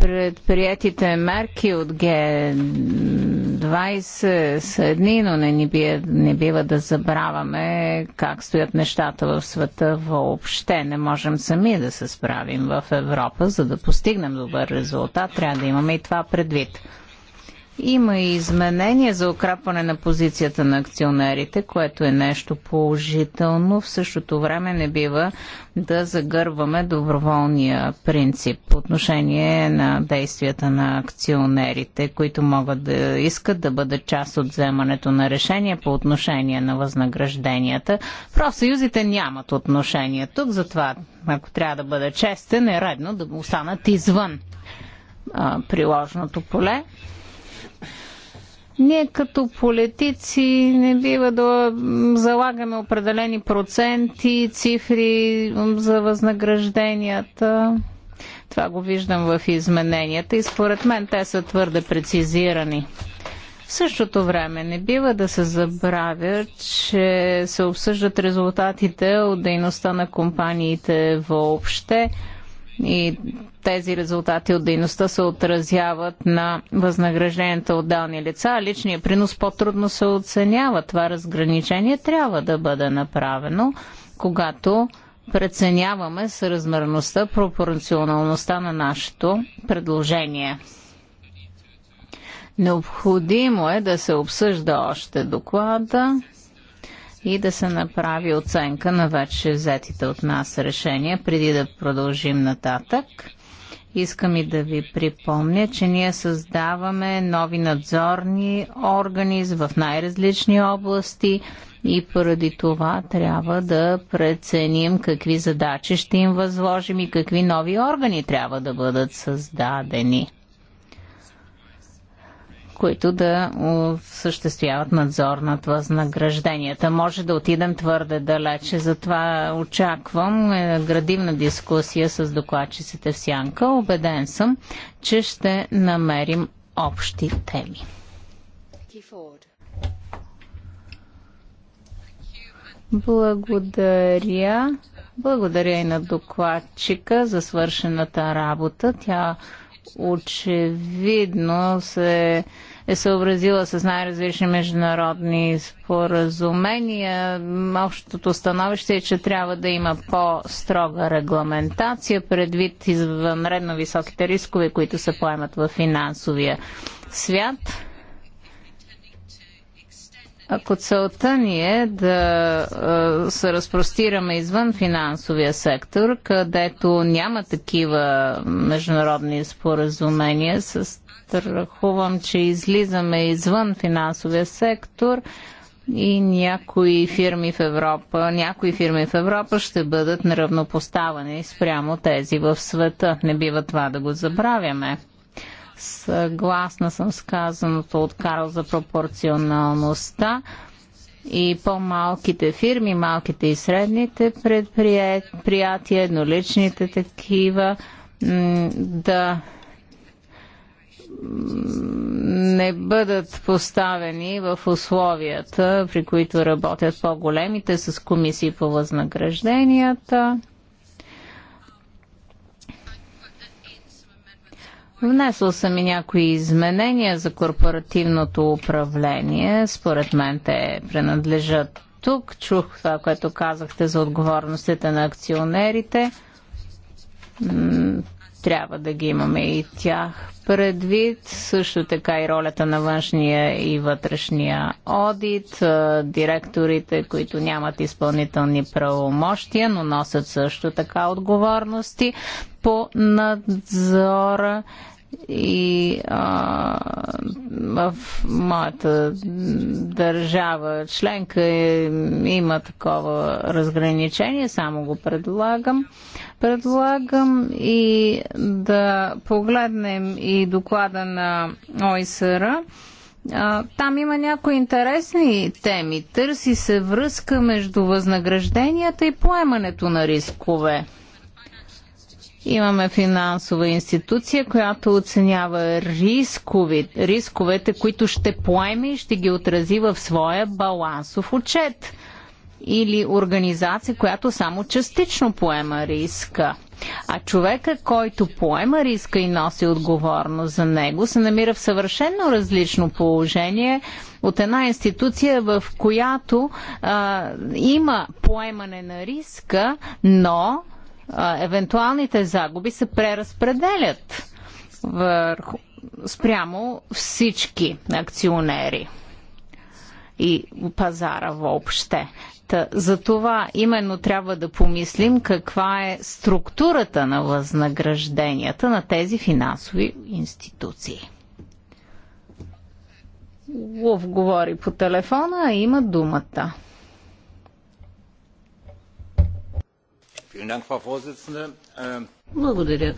Предприятите мерки от Г20 са едни, но не, не, бива, не бива да забравяме как стоят нещата в света въобще. Не можем сами да се справим в Европа, за да постигнем добър резултат. Трябва да имаме и това предвид. Има и изменения за окрапване на позицията на акционерите, което е нещо положително. В същото време не бива да загърваме доброволния принцип по отношение на действията на акционерите, които могат да искат да бъдат част от вземането на решение по отношение на възнагражденията. Профсъюзите нямат отношение тук, затова ако трябва да бъда честен, е редно да останат извън а, приложното поле. Ние като политици не бива да залагаме определени проценти, цифри за възнагражденията. Това го виждам в измененията и според мен те са твърде прецизирани. В същото време не бива да се забравя, че се обсъждат резултатите от дейността на компаниите въобще и тези резултати от дейността се отразяват на възнагражденията от дални лица, а личният принос по-трудно се оценява. Това разграничение трябва да бъде направено, когато преценяваме съразмерността, пропорционалността на нашето предложение. Необходимо е да се обсъжда още доклада и да се направи оценка на вече взетите от нас решения, преди да продължим нататък. Искам и да ви припомня, че ние създаваме нови надзорни органи в най-различни области и поради това трябва да преценим какви задачи ще им възложим и какви нови органи трябва да бъдат създадени които да осъществяват надзор над възнагражденията. Може да отидем твърде далече, затова очаквам е, градивна дискусия с докладчиците в Сянка. Обеден съм, че ще намерим общи теми. Благодаря. Благодаря и на докладчика за свършената работа. Тя очевидно се е съобразила с най-различни международни споразумения. Общото становище е, че трябва да има по-строга регламентация предвид извънредно високите рискове, които се поемат в финансовия свят. Ако целта ни е да се разпростираме извън финансовия сектор, където няма такива международни споразумения с страхувам, че излизаме извън финансовия сектор и някои фирми в Европа, някои фирми в Европа ще бъдат неравнопоставени спрямо тези в света. Не бива това да го забравяме. Съгласна съм с казаното от Карл за пропорционалността и по-малките фирми, малките и средните предприятия, едноличните такива, да не бъдат поставени в условията, при които работят по-големите с комисии по възнагражденията. Внесъл съм и някои изменения за корпоративното управление. Според мен те принадлежат тук. Чух това, което казахте за отговорностите на акционерите трябва да ги имаме и тях предвид. Също така и ролята на външния и вътрешния одит, директорите, които нямат изпълнителни правомощия, но носят също така отговорности по надзора и а, в моята държава членка е, има такова разграничение, само го предлагам. Предлагам и да погледнем и доклада на ОИСР. А, там има някои интересни теми. Търси се връзка между възнагражденията и поемането на рискове. Имаме финансова институция, която оценява рисковете, рисковете, които ще поеме и ще ги отрази в своя балансов отчет. Или организация, която само частично поема риска. А човека, който поема риска и носи отговорност за него, се намира в съвършенно различно положение от една институция, в която а, има поемане на риска, но евентуалните загуби се преразпределят върху, спрямо всички акционери и пазара въобще. за това именно трябва да помислим каква е структурата на възнагражденията на тези финансови институции. Лов говори по телефона, а има думата. Ähm, Благодаря.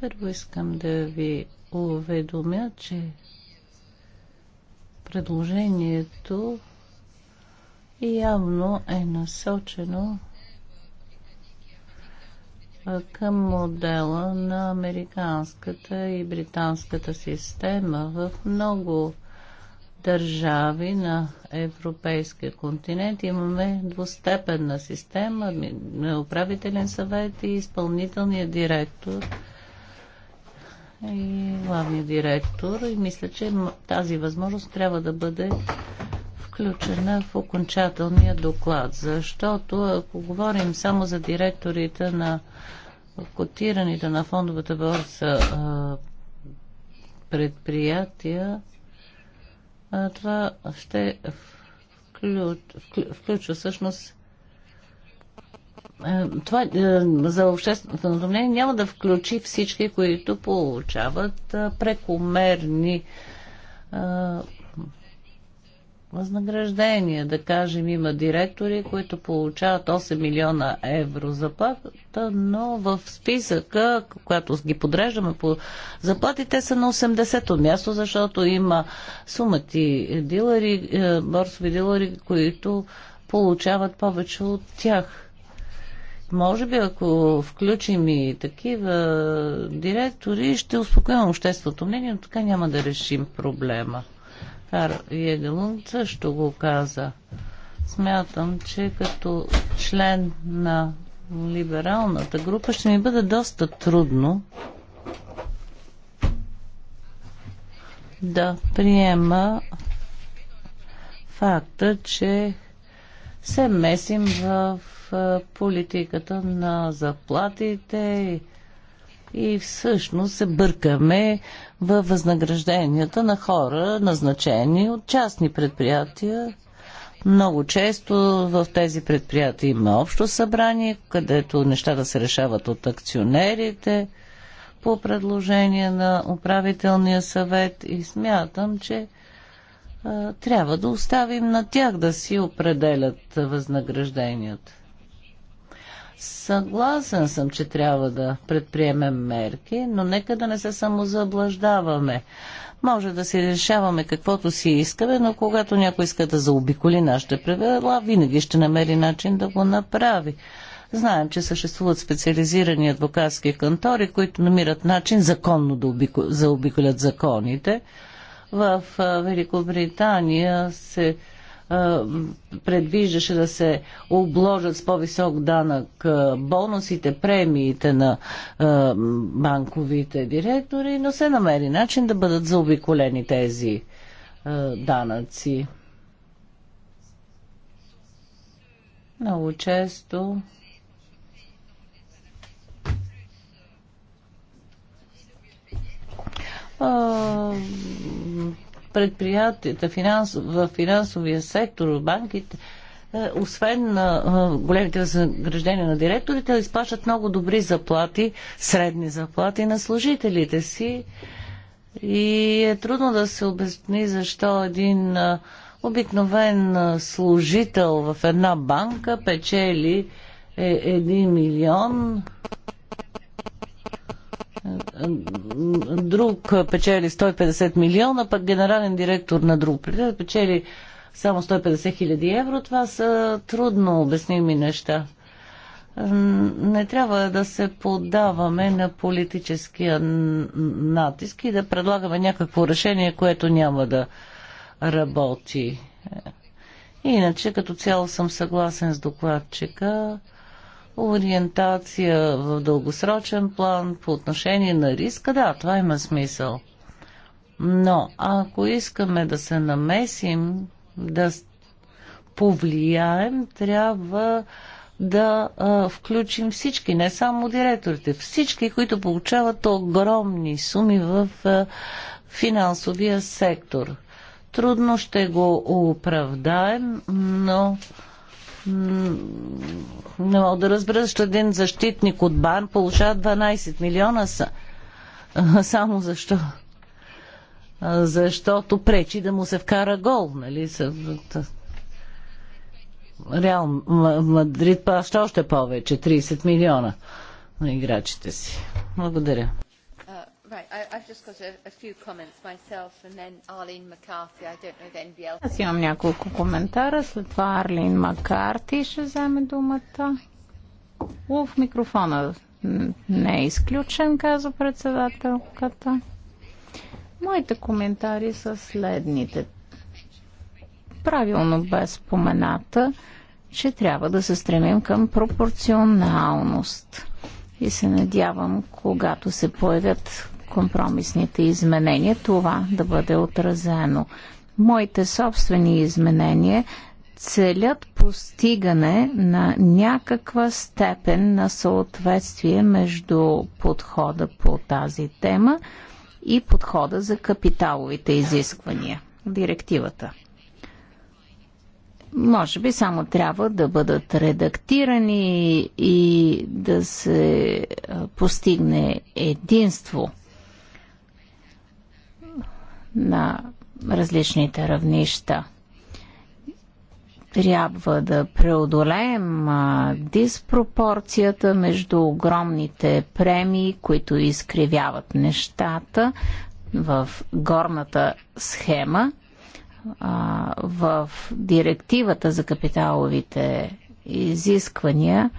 Първо искам да ви уведомя, че предложението явно е насочено към модела на американската и британската система в много държави на европейския континент имаме двустепенна система, управителен съвет и изпълнителния директор и главния директор. И мисля, че тази възможност трябва да бъде включена в окончателния доклад, защото ако говорим само за директорите на котираните на фондовата борса предприятия, това ще включва, включва всъщност това за общественото мнение няма да включи всички, които получават прекомерни Възнаграждение Да кажем, има директори, които получават 8 милиона евро заплата, но в списъка, когато ги подреждаме по заплатите, са на 80-то място, защото има сумати дилъри, е, борсови дилъри, които получават повече от тях. Може би, ако включим и такива директори, ще успокоим общественото мнение, но така няма да решим проблема. Комисар Еделун също го каза. Смятам, че като член на либералната група ще ми бъде доста трудно да приема факта, че се месим в политиката на заплатите и и всъщност се бъркаме във възнагражденията на хора, назначени от частни предприятия. Много често в тези предприятия има общо събрание, където нещата се решават от акционерите по предложение на управителния съвет и смятам, че а, трябва да оставим на тях да си определят възнагражденията. Съгласен съм, че трябва да предприемем мерки, но нека да не се самозаблаждаваме. Може да си решаваме каквото си искаме, но когато някой иска да заобиколи нашите правила, винаги ще намери начин да го направи. Знаем, че съществуват специализирани адвокатски кантори, които намират начин законно да заобиколят законите. В Великобритания се предвиждаше да се обложат с по-висок данък бонусите, премиите на банковите директори, но се намери начин да бъдат заобиколени тези данъци. Много често предприятията финанс, в финансовия сектор, в банките, е, освен на е, големите възнаграждения на директорите, изплащат много добри заплати, средни заплати на служителите си. И е трудно да се обясни защо един е, обикновен служител в една банка печели 1 милион друг печели 150 милиона, пък генерален директор на друг печели само 150 хиляди евро. Това са трудно обясними неща. Не трябва да се поддаваме на политическия натиск и да предлагаме някакво решение, което няма да работи. Иначе, като цяло съм съгласен с докладчика ориентация в дългосрочен план по отношение на риска, да, това има смисъл. Но ако искаме да се намесим, да повлияем, трябва да а, включим всички, не само директорите, всички, които получават огромни суми в а, финансовия сектор. Трудно ще го оправдаем, но не мога да разбера защо един защитник от Бан получава 12 милиона са. Само защо? Защото пречи да му се вкара гол, нали? Реал Мадрид плаща още повече, 30 милиона на играчите си. Благодаря. Right, I, I've just got a, a few comments myself and then Arlene McCarthy. I don't know if Аз имам няколко коментара, след това Арлин Макарти ще вземе думата. Уф, микрофона не е изключен, каза председателката. Моите коментари са следните. Правилно бе спомената, че трябва да се стремим към пропорционалност. И се надявам, когато се появят компромисните изменения това да бъде отразено. Моите собствени изменения целят постигане на някаква степен на съответствие между подхода по тази тема и подхода за капиталовите изисквания. Директивата. Може би само трябва да бъдат редактирани и да се постигне единство – на различните равнища. Трябва да преодолеем диспропорцията между огромните премии, които изкривяват нещата в горната схема, в директивата за капиталовите изисквания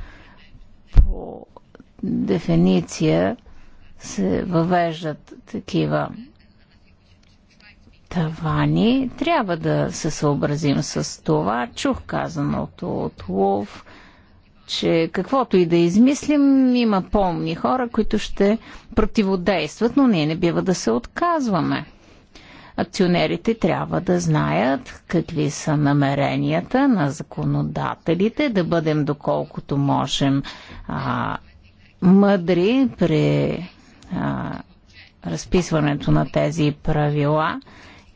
по дефиниция се въвеждат такива тавани. Трябва да се съобразим с това. Чух казаното от Лов, че каквото и да измислим, има помни хора, които ще противодействат, но ние не бива да се отказваме. Акционерите трябва да знаят какви са намеренията на законодателите, да бъдем доколкото можем а, мъдри при а, разписването на тези правила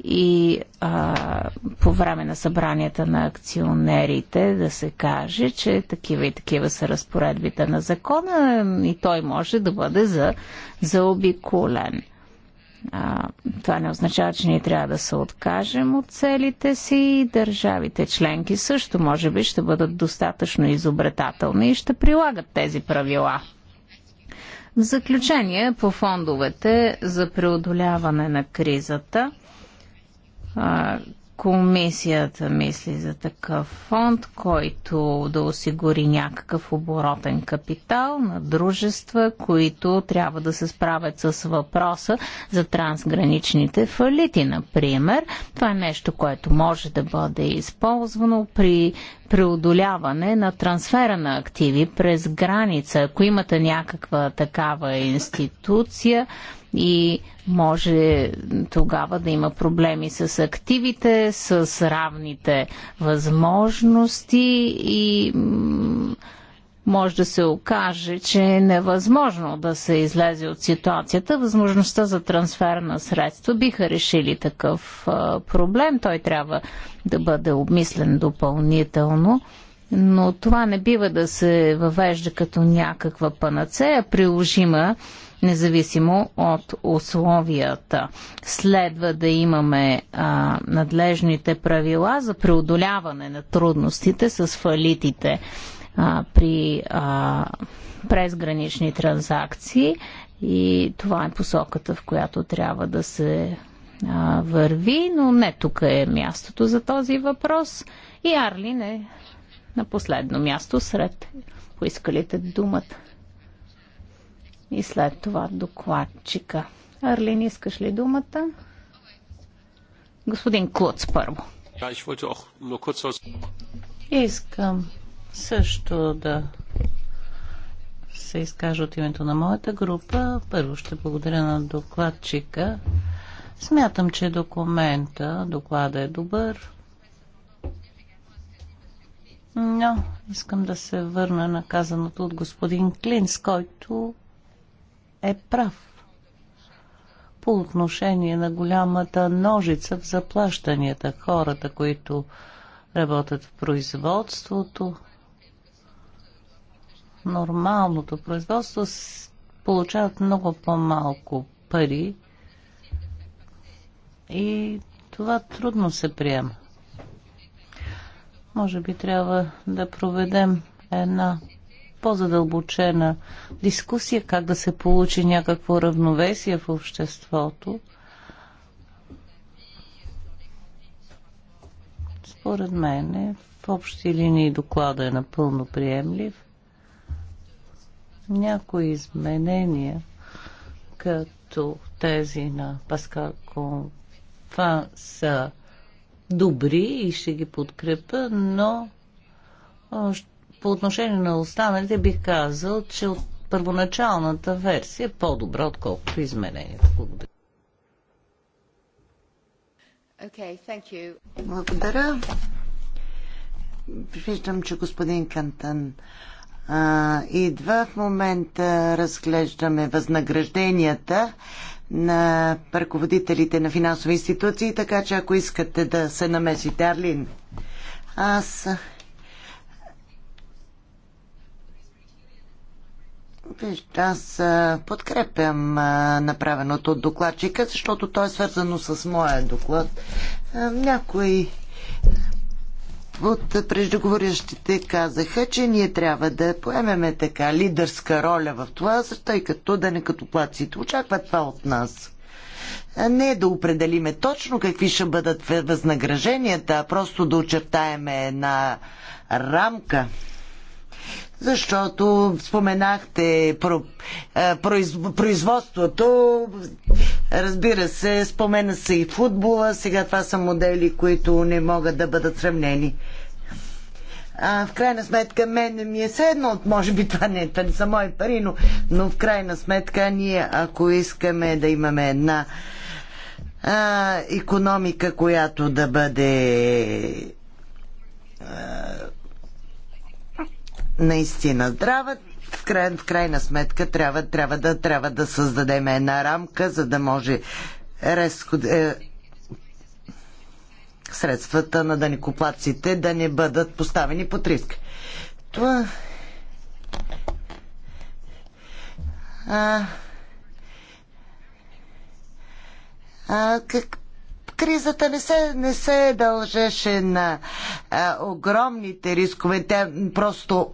и а, по време на събранията на акционерите да се каже, че такива и такива са разпоредбите на закона и той може да бъде за, заобиколен. А, това не означава, че ние трябва да се откажем от целите си и държавите членки също може би ще бъдат достатъчно изобретателни и ще прилагат тези правила. В заключение по фондовете за преодоляване на кризата комисията мисли за такъв фонд, който да осигури някакъв оборотен капитал на дружества, които трябва да се справят с въпроса за трансграничните фалити, например. Това е нещо, което може да бъде използвано при преодоляване на трансфера на активи през граница. Ако имате някаква такава институция и може тогава да има проблеми с активите, с равните възможности и може да се окаже, че е невъзможно да се излезе от ситуацията. Възможността за трансфер на средства биха решили такъв проблем. Той трябва да бъде обмислен допълнително. Но това не бива да се въвежда като някаква панацея, приложима независимо от условията. Следва да имаме а, надлежните правила за преодоляване на трудностите с фалитите а, при а, презгранични транзакции и това е посоката, в която трябва да се а, върви, но не тук е мястото за този въпрос. И Арлин е на последно място сред поискалите думата. И след това докладчика. Арлин, искаш ли думата? Господин Клуц първо. Искам също да се изкажа от името на моята група. Първо ще благодаря на докладчика. Смятам, че документа, доклада е добър. Но искам да се върна на казаното от господин Клинс, който е прав по отношение на голямата ножица в заплащанията. Хората, които работят в производството, нормалното производство получават много по-малко пари и това трудно се приема. Може би трябва да проведем една по-задълбочена дискусия как да се получи някакво равновесие в обществото. Според мен в общи линии доклада е напълно приемлив някои изменения, като тези на Паскал Конфа са добри и ще ги подкрепя, но по отношение на останалите бих казал, че от първоначалната версия е по-добра, отколкото изменението. Благодаря. Okay, thank you. Благодаря. Виждам, че господин Кантан а, идва. В момента разглеждаме възнагражденията на ръководителите на финансови институции, така че ако искате да се намесите, Арлин, аз Вижте, аз подкрепям направеното от докладчика, защото то е свързано с моя доклад. Някои от преждеговорящите казаха, че ние трябва да поемеме така лидерска роля в това, тъй като да не като плаците очакват това от нас. А не да определиме точно какви ще бъдат възнагражденията, а просто да очертаеме една рамка – защото споменахте про, произ, производството, разбира се, спомена се и футбола, сега това са модели, които не могат да бъдат сравнени. А, в крайна сметка, мен ми е седно, може би това не, това не са мои пари, но, но в крайна сметка ние, ако искаме да имаме една а, економика, която да бъде а, наистина здрава. В, край, в крайна сметка трябва, трябва, да, трябва да създадем една рамка, за да може разход, е, средствата на данекоплаците да не бъдат поставени под риск. Това... А... А, как кризата не се, не се дължеше на а, огромните рискове. Тя просто.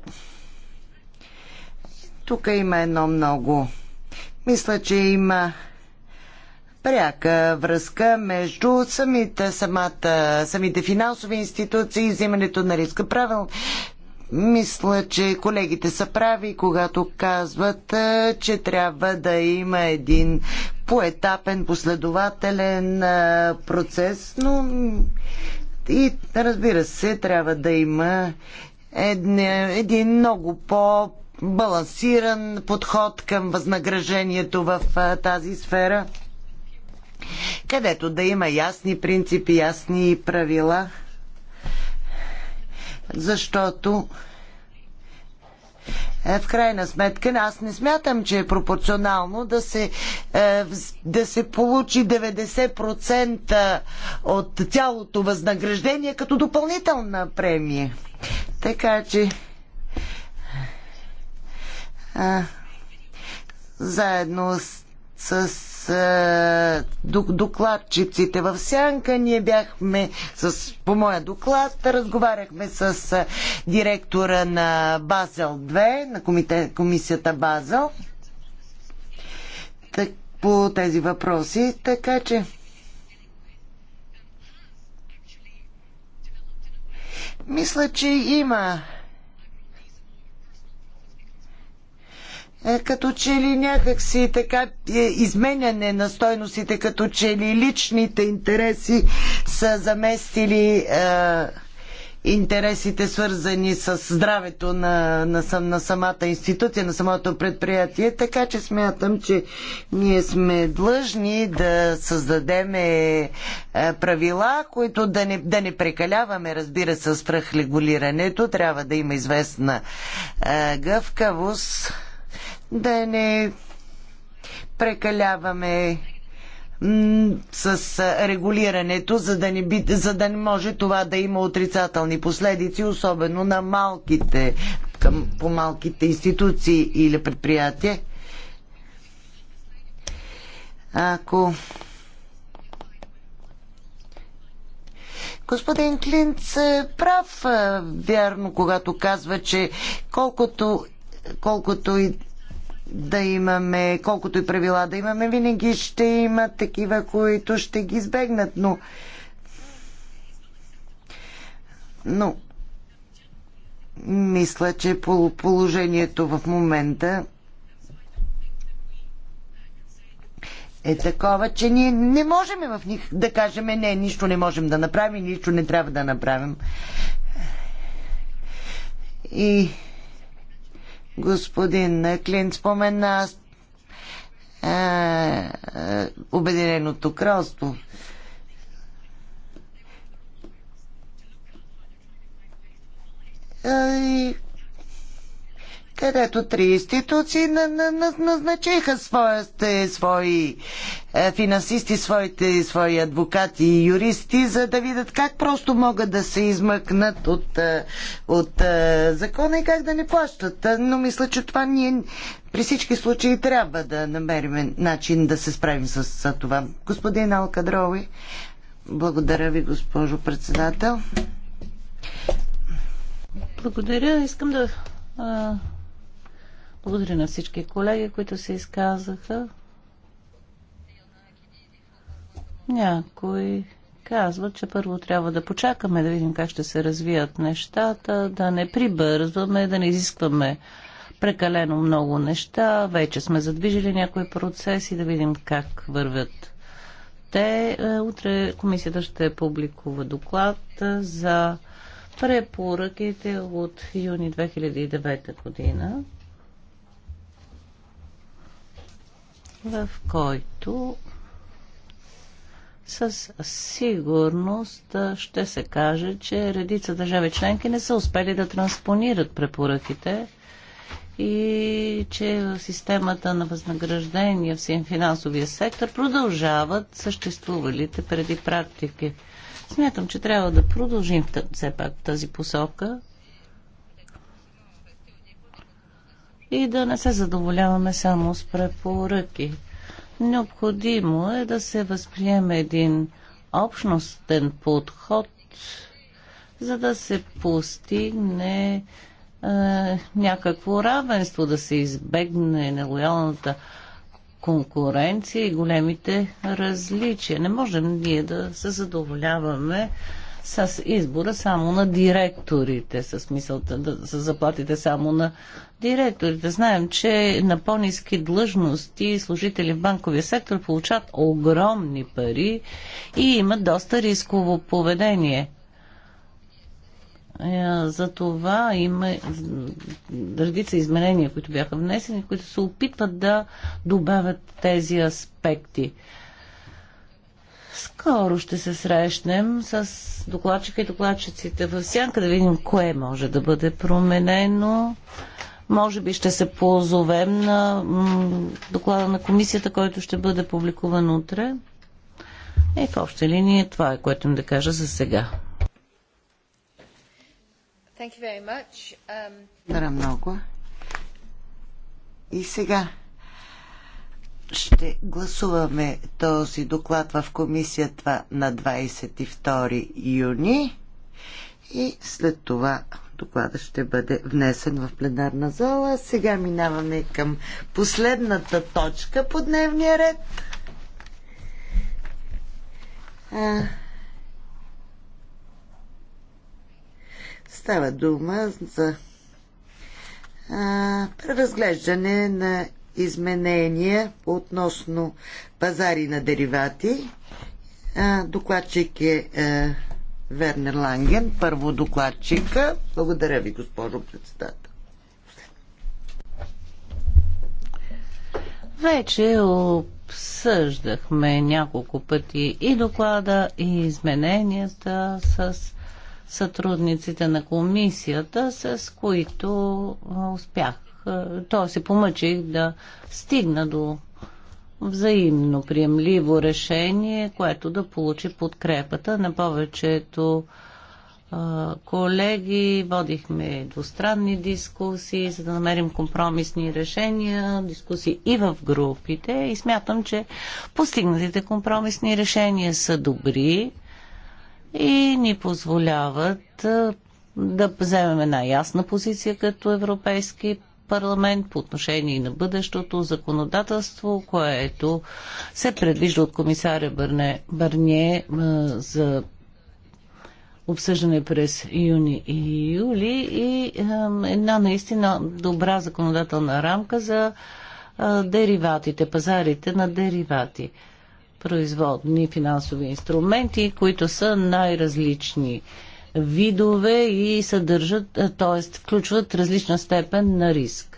Тук има едно много. Мисля, че има пряка връзка между самите, самата, самите финансови институции и взимането на риска. Правилно мисля, че колегите са прави, когато казват, че трябва да има един поетапен, последователен процес, но и разбира се, трябва да има едне, един много по- балансиран подход към възнаграждението в тази сфера, където да има ясни принципи, ясни правила защото е, в крайна сметка аз не смятам, че е пропорционално да се, е, да се получи 90% от цялото възнаграждение като допълнителна премия. Така че а, заедно с, с е, докладчиците в Сянка. Ние бяхме с, по моя доклад, разговаряхме с е, директора на Базел 2, на комите, комисията Базел так, по тези въпроси, така че мисля, че има Е, като че ли някакси така е, изменяне на стойностите, като че ли личните интереси са заместили е, интересите свързани с здравето на, на, сам, на самата институция, на самото предприятие. Така че смятам, че ние сме длъжни да създадем е, правила, които да не, да не прекаляваме, разбира се, с прахлегулирането. Трябва да има известна е, гъвкавост да не прекаляваме с регулирането, за да, не би, за да не може това да има отрицателни последици, особено на малките, към, по малките институции или предприятия. Ако Господин Клинц е прав, е, вярно, когато казва, че колкото, колкото и да имаме, колкото и правила да имаме, винаги ще има такива, които ще ги избегнат, но но мисля, че положението в момента е такова, че ние не можем в них да кажем не, нищо не можем да направим, нищо не трябва да направим. И Господин Клин спомена е, е, Обединеното кралство. Е, където три институции назначиха своите, свои е, финансисти, своите, свои адвокати и юристи, за да видят как просто могат да се измъкнат от, е, от е, закона и как да не плащат. Но мисля, че това ние при всички случаи трябва да намерим начин да се справим с, с това. Господин Алкадрови, благодаря ви, госпожо председател. Благодаря. Искам да благодаря на всички колеги, които се изказаха. Някои казват, че първо трябва да почакаме да видим как ще се развият нещата, да не прибързваме, да не изискваме прекалено много неща. Вече сме задвижили някои процеси, да видим как вървят те. Е, утре комисията ще публикува доклад за препоръките от юни 2009 година. в който със сигурност ще се каже, че редица държави членки не са успели да транспонират препоръките и че системата на възнаграждения в финансовия сектор продължават съществувалите преди практики. Смятам, че трябва да продължим все пак тази посока и да не се задоволяваме само с препоръки. Необходимо е да се възприеме един общностен подход, за да се постигне е, някакво равенство, да се избегне нелоялната конкуренция и големите различия. Не можем ние да се задоволяваме с избора само на директорите, с мисълта да са заплатите само на директорите. Знаем, че на по-низки длъжности служители в банковия сектор получат огромни пари и имат доста рисково поведение. Е, за това има редица изменения, които бяха внесени, които се опитват да добавят тези аспекти. Скоро ще се срещнем с докладчика и докладчиците в сянка да видим кое може да бъде променено. Може би ще се позовем на доклада на комисията, който ще бъде публикуван утре. И в обща линия това е, което им да кажа за сега. Um, Благодаря um... много. И сега ще гласуваме този доклад в комисията на 22 юни и след това доклада ще бъде внесен в пленарна зала. Сега минаваме към последната точка по дневния ред. А... Става дума за а, преразглеждане на изменения относно пазари на деривати. Докладчик е, е Вернер Ланген, първо докладчика. Благодаря ви, госпожо председател. Вече обсъждахме няколко пъти и доклада, и измененията с сътрудниците на комисията, с които успях е, то се помъчих да стигна до взаимно приемливо решение, което да получи подкрепата на повечето е, колеги. Водихме двустранни дискусии, за да намерим компромисни решения, дискусии и в групите. И смятам, че постигнатите компромисни решения са добри и ни позволяват е, да вземем една ясна позиция като Европейски парламент по отношение на бъдещото законодателство, което се предвижда от комисаря Бърне, Бърне за обсъждане през юни и юли и една наистина добра законодателна рамка за дериватите, пазарите на деривати производни финансови инструменти, които са най-различни видове и съдържат, т.е. включват различна степен на риск.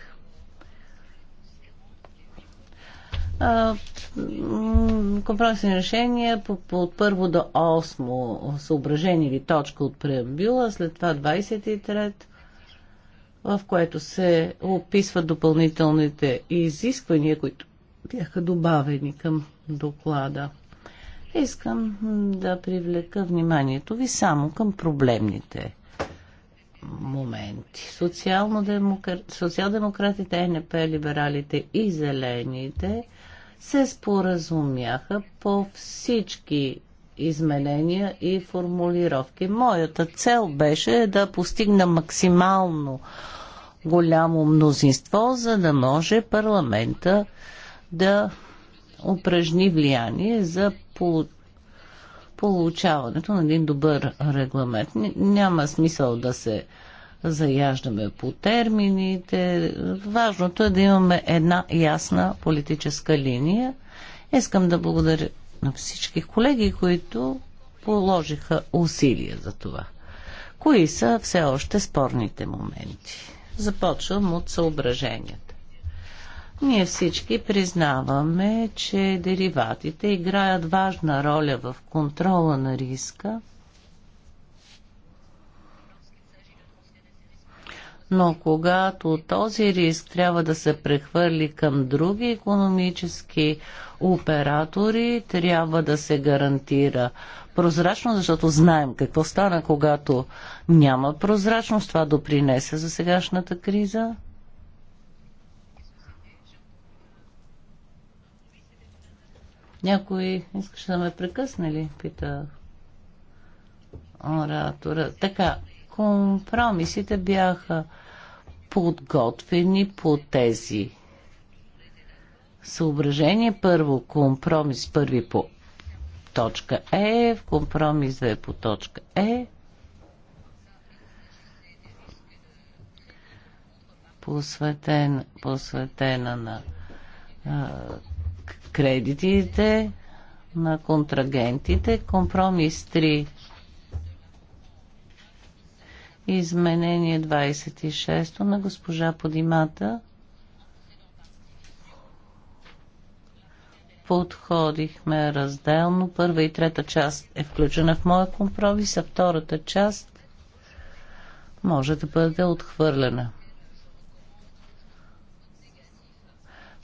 компромисни решения по, по, от първо до 8 съображение или точка от преамбюла, след това 23 в което се описват допълнителните изисквания, които бяха добавени към доклада. Искам да привлека вниманието ви само към проблемните моменти. Социал-демократите, НП, либералите и зелените се споразумяха по всички изменения и формулировки. Моята цел беше да постигна максимално голямо мнозинство, за да може парламента да упражни влияние за получаването на един добър регламент. Няма смисъл да се заяждаме по термините. Важното е да имаме една ясна политическа линия. Искам да благодаря на всички колеги, които положиха усилия за това. Кои са все още спорните моменти? Започвам от съображенията. Ние всички признаваме, че дериватите играят важна роля в контрола на риска, но когато този риск трябва да се прехвърли към други економически оператори, трябва да се гарантира прозрачно, защото знаем какво стана, когато няма прозрачност. Това допринесе за сегашната криза. Някой искаш да ме прекъсне ли? Пита оратора. Така, компромисите бяха подготвени по тези Съображения. Първо компромис, първи по точка Е, в компромис 2 по точка Е. Посветен, посветена на кредитите на контрагентите. Компромис 3. Изменение 26 на госпожа Подимата. подходихме разделно. Първа и трета част е включена в моя компромис, а втората част може да бъде отхвърлена.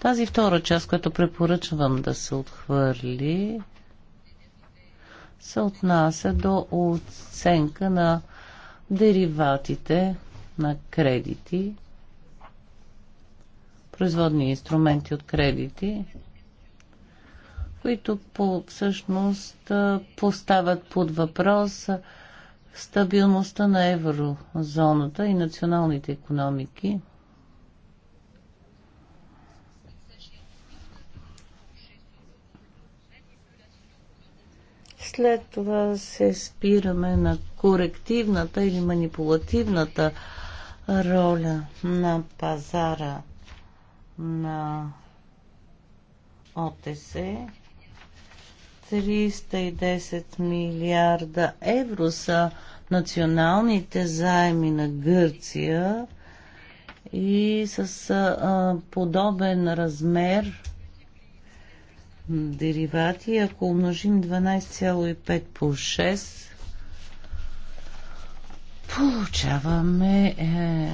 Тази втора част, която препоръчвам да се отхвърли, се отнася до оценка на дериватите на кредити, производни инструменти от кредити, които по, всъщност поставят под въпрос стабилността на еврозоната и националните економики – След това се спираме на корективната или манипулативната роля на пазара на ОТС. 310 милиарда евро са националните заеми на Гърция и с а, подобен размер деривати, ако умножим 12,5 по 6, получаваме е,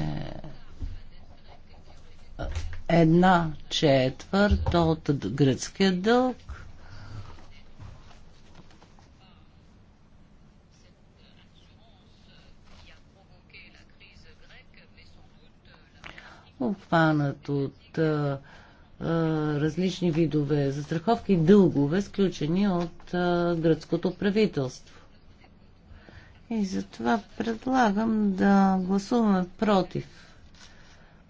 една четвърт от гръцкия дълг. Обхванат от е, различни видове застраховки и дългове, сключени от гръцкото правителство. И затова предлагам да гласуваме против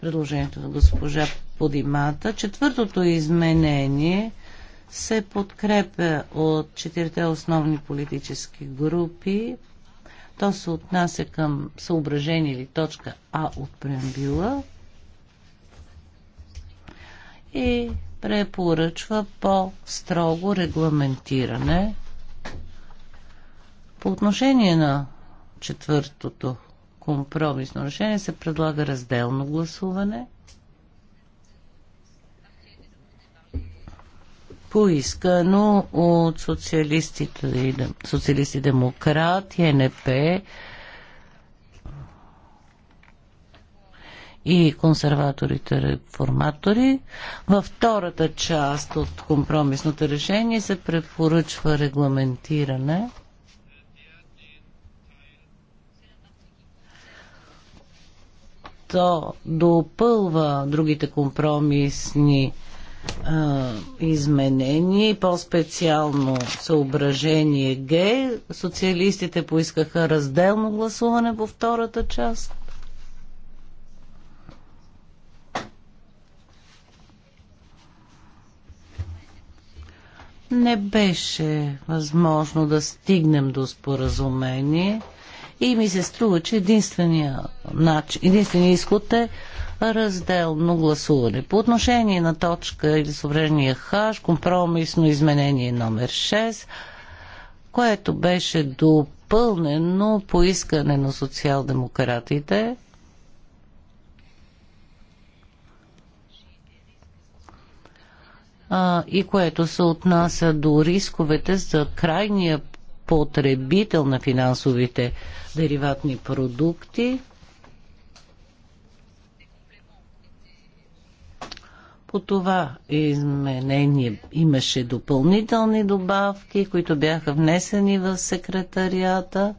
предложението на госпожа Подимата. Четвъртото изменение се подкрепя от четирите основни политически групи. То се отнася към съображение или точка А от преамбюла и препоръчва по-строго регламентиране по отношение на четвъртото компромисно решение се предлага разделно гласуване поискано от социалистите, и демократи, НП, и консерваторите-реформатори. Във втората част от компромисното решение се препоръчва регламентиране то допълва другите компромисни а, изменения и по-специално съображение Г. Социалистите поискаха разделно гласуване по втората част. не беше възможно да стигнем до споразумение и ми се струва, че единствения, начин, единствения изход е разделно гласуване. По отношение на точка или съображение ХАШ, компромисно изменение номер 6, което беше допълнено по искане на социал-демократите – а, и което се отнася до рисковете за крайния потребител на финансовите дериватни продукти. По това изменение имаше допълнителни добавки, които бяха внесени в секретарията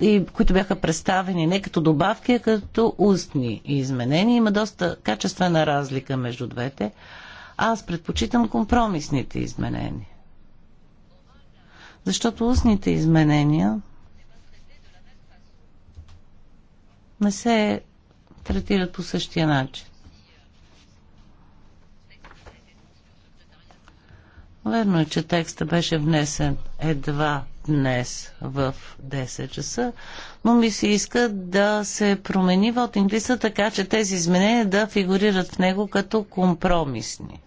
и които бяха представени не като добавки, а като устни изменения. Има доста качествена разлика между двете. Аз предпочитам компромисните изменения. Защото устните изменения не се третират по същия начин. Верно е, че текста беше внесен едва днес в 10 часа, но ми се иска да се промени вотинг листа така, че тези изменения да фигурират в него като компромисни.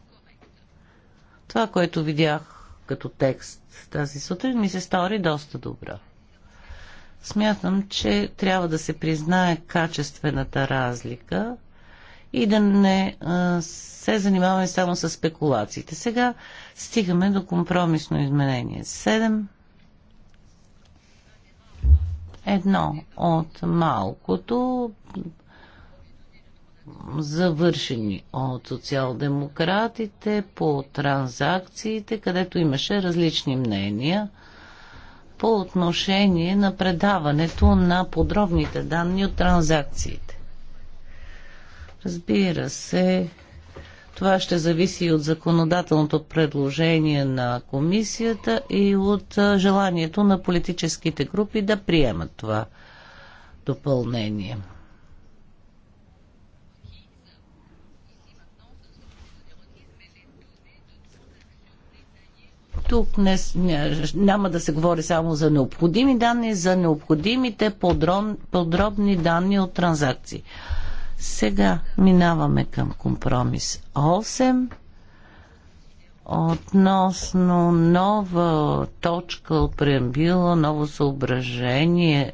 Това, което видях като текст тази сутрин, ми се стори доста добра. Смятам, че трябва да се признае качествената разлика и да не а, се занимаваме само с спекулациите. Сега стигаме до компромисно изменение. 7. Едно от малкото завършени от социал-демократите по транзакциите, където имаше различни мнения по отношение на предаването на подробните данни от транзакциите. Разбира се, това ще зависи и от законодателното предложение на комисията и от желанието на политическите групи да приемат това допълнение. Тук не, няма да се говори само за необходими данни, за необходимите подрон, подробни данни от транзакции. Сега минаваме към компромис 8 относно нова точка от преамбила, ново съображение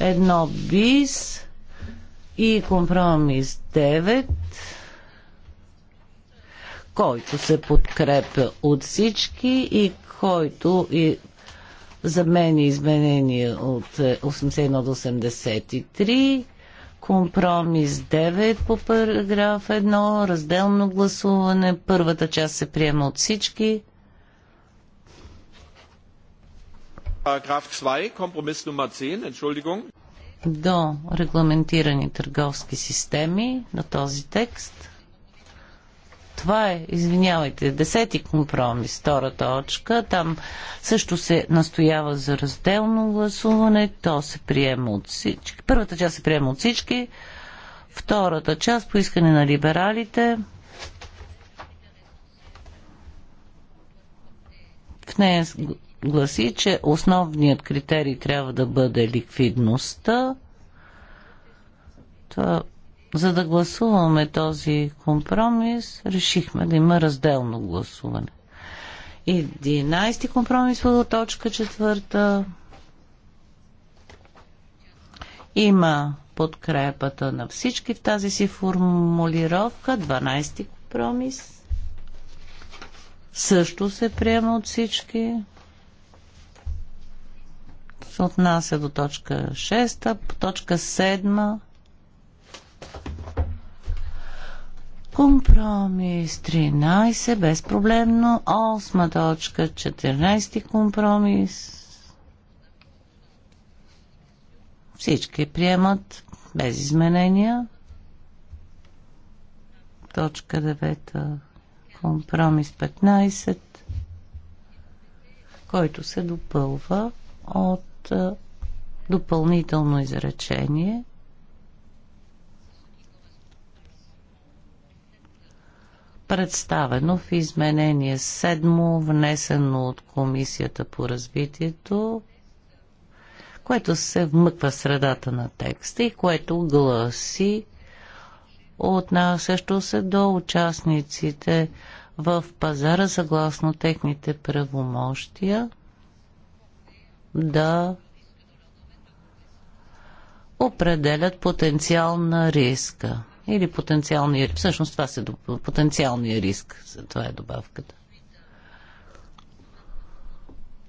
Едно бис и компромис 9, който се подкрепя от всички и който и е изменения от 81 до 83 компромис 9 по параграф 1, разделно гласуване. Първата част се приема от всички. Параграф 2, компромис номер 10, entschuldigung до регламентирани търговски системи на този текст. Това е, извинявайте, десети компромис, втора точка. Там също се настоява за разделно гласуване. То се приема от всички. Първата част се приема от всички. Втората част по искане на либералите. В нея гласи, че основният критерий трябва да бъде ликвидността. Това, за да гласуваме този компромис, решихме да има разделно гласуване. 11 компромис по точка четвърта. Има подкрепата на всички в тази си формулировка. 12 компромис също се приема от всички се отнася до точка 6, точка 7 компромис 13 безпроблемно, 8 точка 14 компромис всички приемат без изменения точка 9 компромис 15 който се допълва от допълнително изречение. Представено в изменение 7, внесено от Комисията по развитието, което се вмъква в средата на текста и което гласи отнасящо се до участниците в пазара съгласно техните правомощия – да определят потенциал на риска. Или потенциалния, всъщност това се потенциалния риск, това е добавката.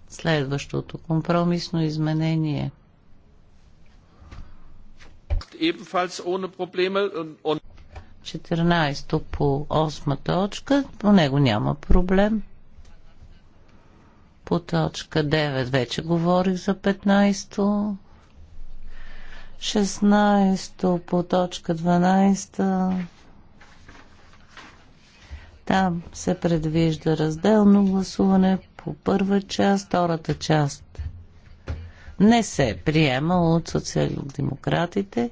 Следващото компромисно изменение. Ebenfalls ohne проблеми. 14 по 8 точка, по него няма проблем. По точка 9 вече говорих за 15-то. 16-то по точка 12-та. Там се предвижда разделно гласуване по първа част, втората част не се приема от социал-демократите,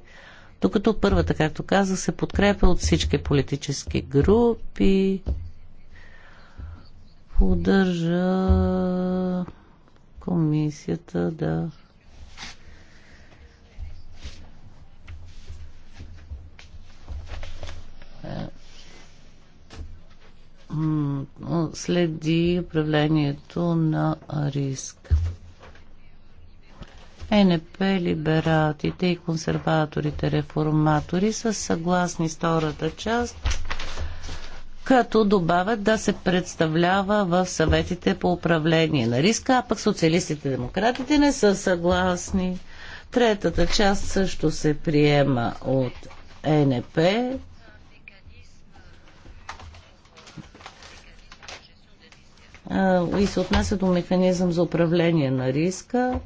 докато първата, както казах, се подкрепя от всички политически групи поддържа комисията да следи управлението на риск. Е, НП, либератите и консерваторите, реформатори са съгласни с втората част като добавят да се представлява в съветите по управление на риска, а пък социалистите и демократите не са съгласни. Третата част също се приема от ЕНП. И се отнася до механизъм за управление на риска.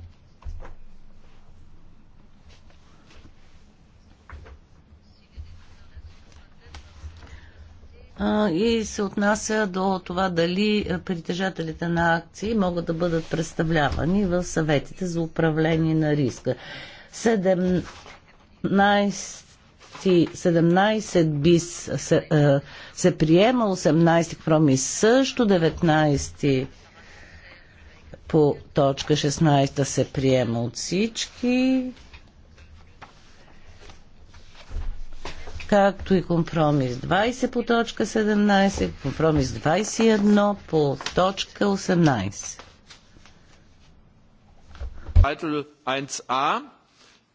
и се отнася до това дали е, притежателите на акции могат да бъдат представлявани в съветите за управление на риска. 17, бис се, е, се приема, 18 промис също, 19 по точка 16 се приема от всички. както и компромис 20 по точка 17, компромис 21 по точка 18. Titel 1a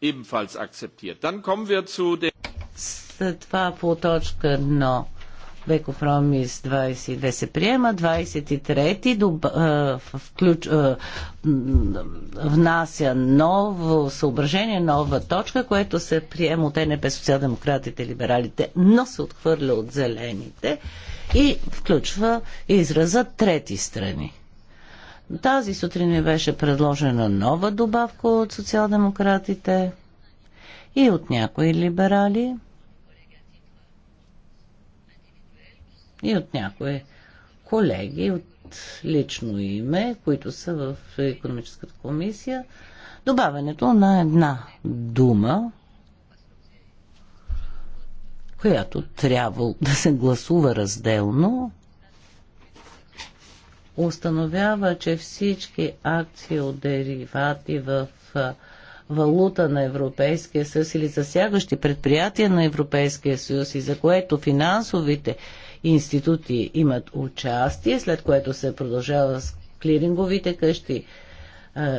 ebenfalls akzeptiert. Dann kommen wir zu den... това по точка 1 бе компромис 22 се приема, 23 ти включ, внася ново съображение, нова точка, което се приема от НП социал-демократите и либералите, но се отхвърля от зелените и включва израза трети страни. Тази сутрин ми беше предложена нова добавка от социал-демократите и от някои либерали – и от някои колеги от лично име, които са в економическата комисия, добавянето на една дума, която трябва да се гласува разделно, установява, че всички акции от деривати в валута на Европейския съюз или засягащи предприятия на Европейския съюз и за което финансовите институти имат участие, след което се продължава с клиринговите къщи,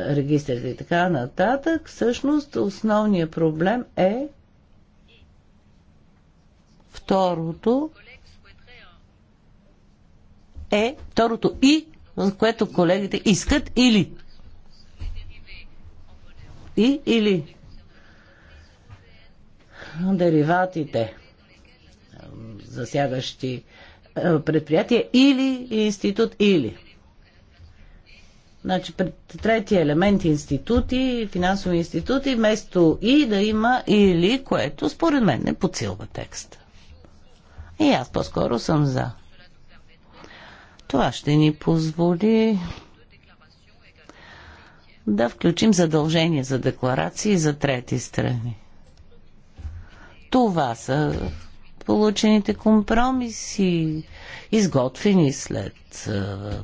регистрите и така нататък. Всъщност основният проблем е второто е второто и, което колегите искат или и или те засягащи предприятия или институт или. Значи, третия елемент институти, финансови институти, вместо и да има или, което според мен не подсилва текста. И аз по-скоро съм за. Това ще ни позволи да включим задължения за декларации за трети страни. Това са получените компромиси, изготвени след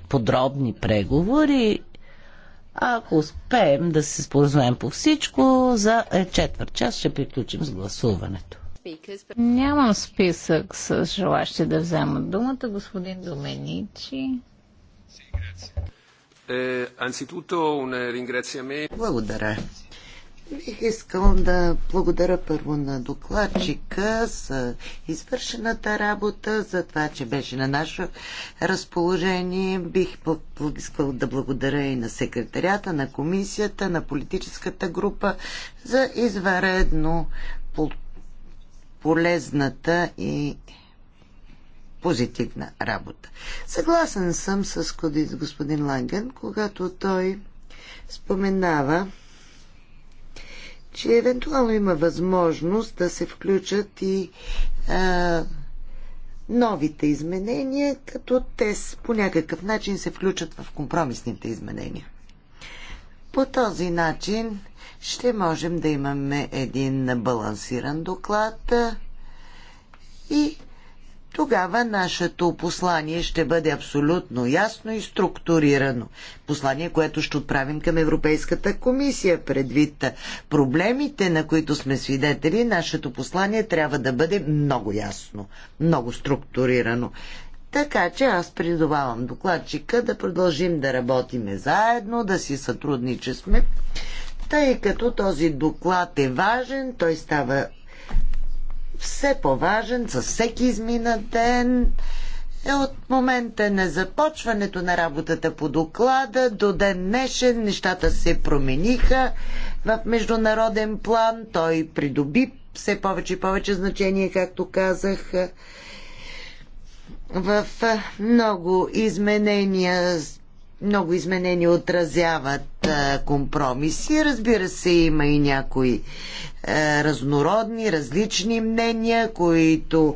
подробни преговори. Ако успеем да се споразумеем по всичко, за е четвърт час ще приключим с гласуването. Нямам списък с желащи да вземат думата, господин Доменичи. Е, Благодаря. Бих искал да благодаря първо на докладчика за извършената работа, за това, че беше на наше разположение. Бих искал да благодаря и на секретарята, на комисията, на политическата група за изваредно полезната и позитивна работа. Съгласен съм с господин Ланген, когато той споменава че евентуално има възможност да се включат и а, новите изменения, като те по някакъв начин се включат в компромисните изменения. По този начин ще можем да имаме един балансиран доклад и тогава нашето послание ще бъде абсолютно ясно и структурирано. Послание, което ще отправим към Европейската комисия предвид проблемите, на които сме свидетели, нашето послание трябва да бъде много ясно, много структурирано. Така че аз призовавам докладчика да продължим да работиме заедно, да си сътрудничесме, тъй като този доклад е важен, той става все по-важен за всеки изминат ден. Е, от момента на започването на работата по доклада до ден днешен нещата се промениха в международен план. Той придоби все повече и повече значение, както казах. В много изменения много изменения отразяват а, компромиси. Разбира се, има и някои а, разнородни, различни мнения, които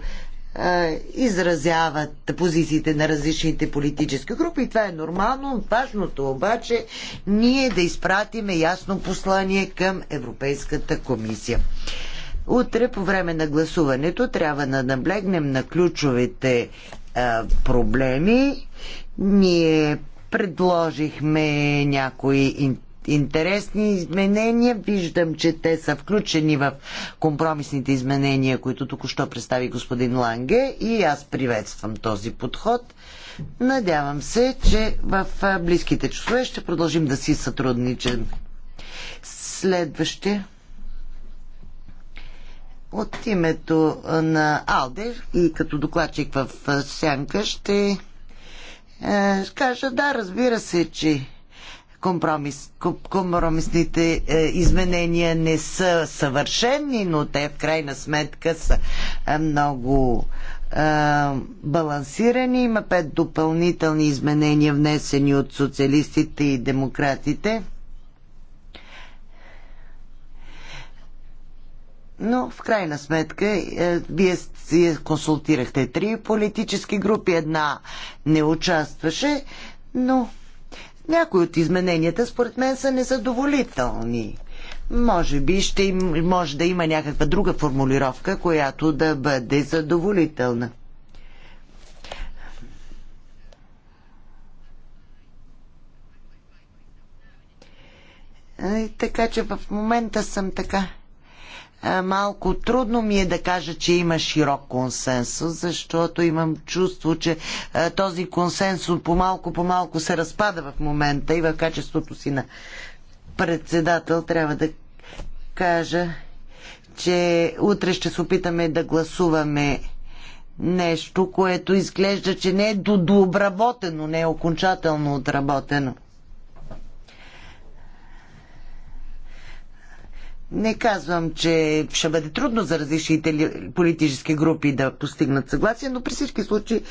а, изразяват позициите на различните политически групи. И това е нормално. Важното обаче ние да изпратиме ясно послание към Европейската комисия. Утре по време на гласуването трябва да наблегнем на ключовите а, проблеми. Ние Предложихме някои интересни изменения. Виждам, че те са включени в компромисните изменения, които току-що представи господин Ланге и аз приветствам този подход. Надявам се, че в близките часове ще продължим да си сътрудничим. Следващия: От името на Алдер и като докладчик в Сянка ще ще кажа, да, разбира се, че компромис, компромисните е, изменения не са съвършени, но те в крайна сметка са е, много е, балансирани. Има пет допълнителни изменения, внесени от социалистите и демократите. Но в крайна сметка, е, вие си консултирахте три политически групи, една не участваше, но някои от измененията според мен са незадоволителни. Може би ще им, може да има някаква друга формулировка, която да бъде задоволителна. Е, така че в момента съм така малко трудно ми е да кажа, че има широк консенсус, защото имам чувство, че този консенсус по-малко по-малко се разпада в момента и в качеството си на председател трябва да кажа, че утре ще се опитаме да гласуваме нещо, което изглежда, че не е доработено, не е окончателно отработено. Не казвам, че ще бъде трудно за различните политически групи да постигнат съгласие, но при всички случаи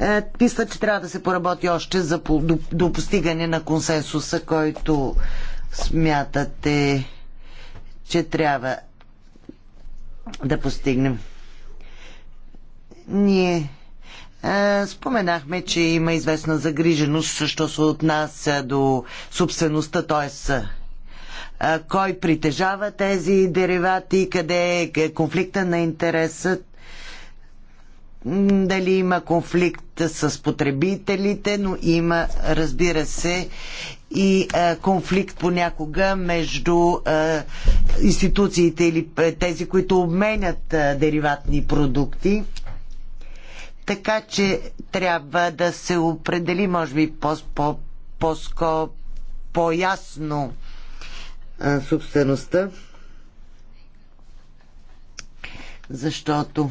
е, мисля, че трябва да се поработи още за, до, до постигане на консенсуса, който смятате, че трябва да постигнем. Ние е, Споменахме, че има известна загриженост, що се отнася до собствеността, т.е кой притежава тези деривати, къде е, е конфликта на интересът, дали има конфликт с потребителите, но има, разбира се, и конфликт понякога между институциите или тези, които обменят дериватни продукти. Така че трябва да се определи, може би, по по-ясно по, по, по, по а, собствеността, защото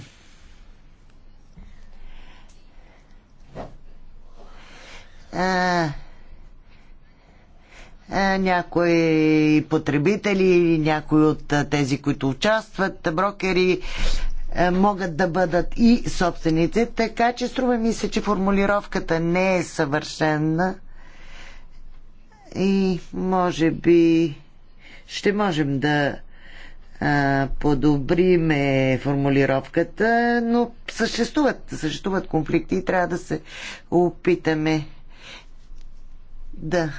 а, някои потребители, някои от тези, които участват, брокери, могат да бъдат и собственици, така че струва ми се, че формулировката не е съвършена и може би ще можем да а, подобриме формулировката, но съществуват, съществуват конфликти и трябва да се опитаме да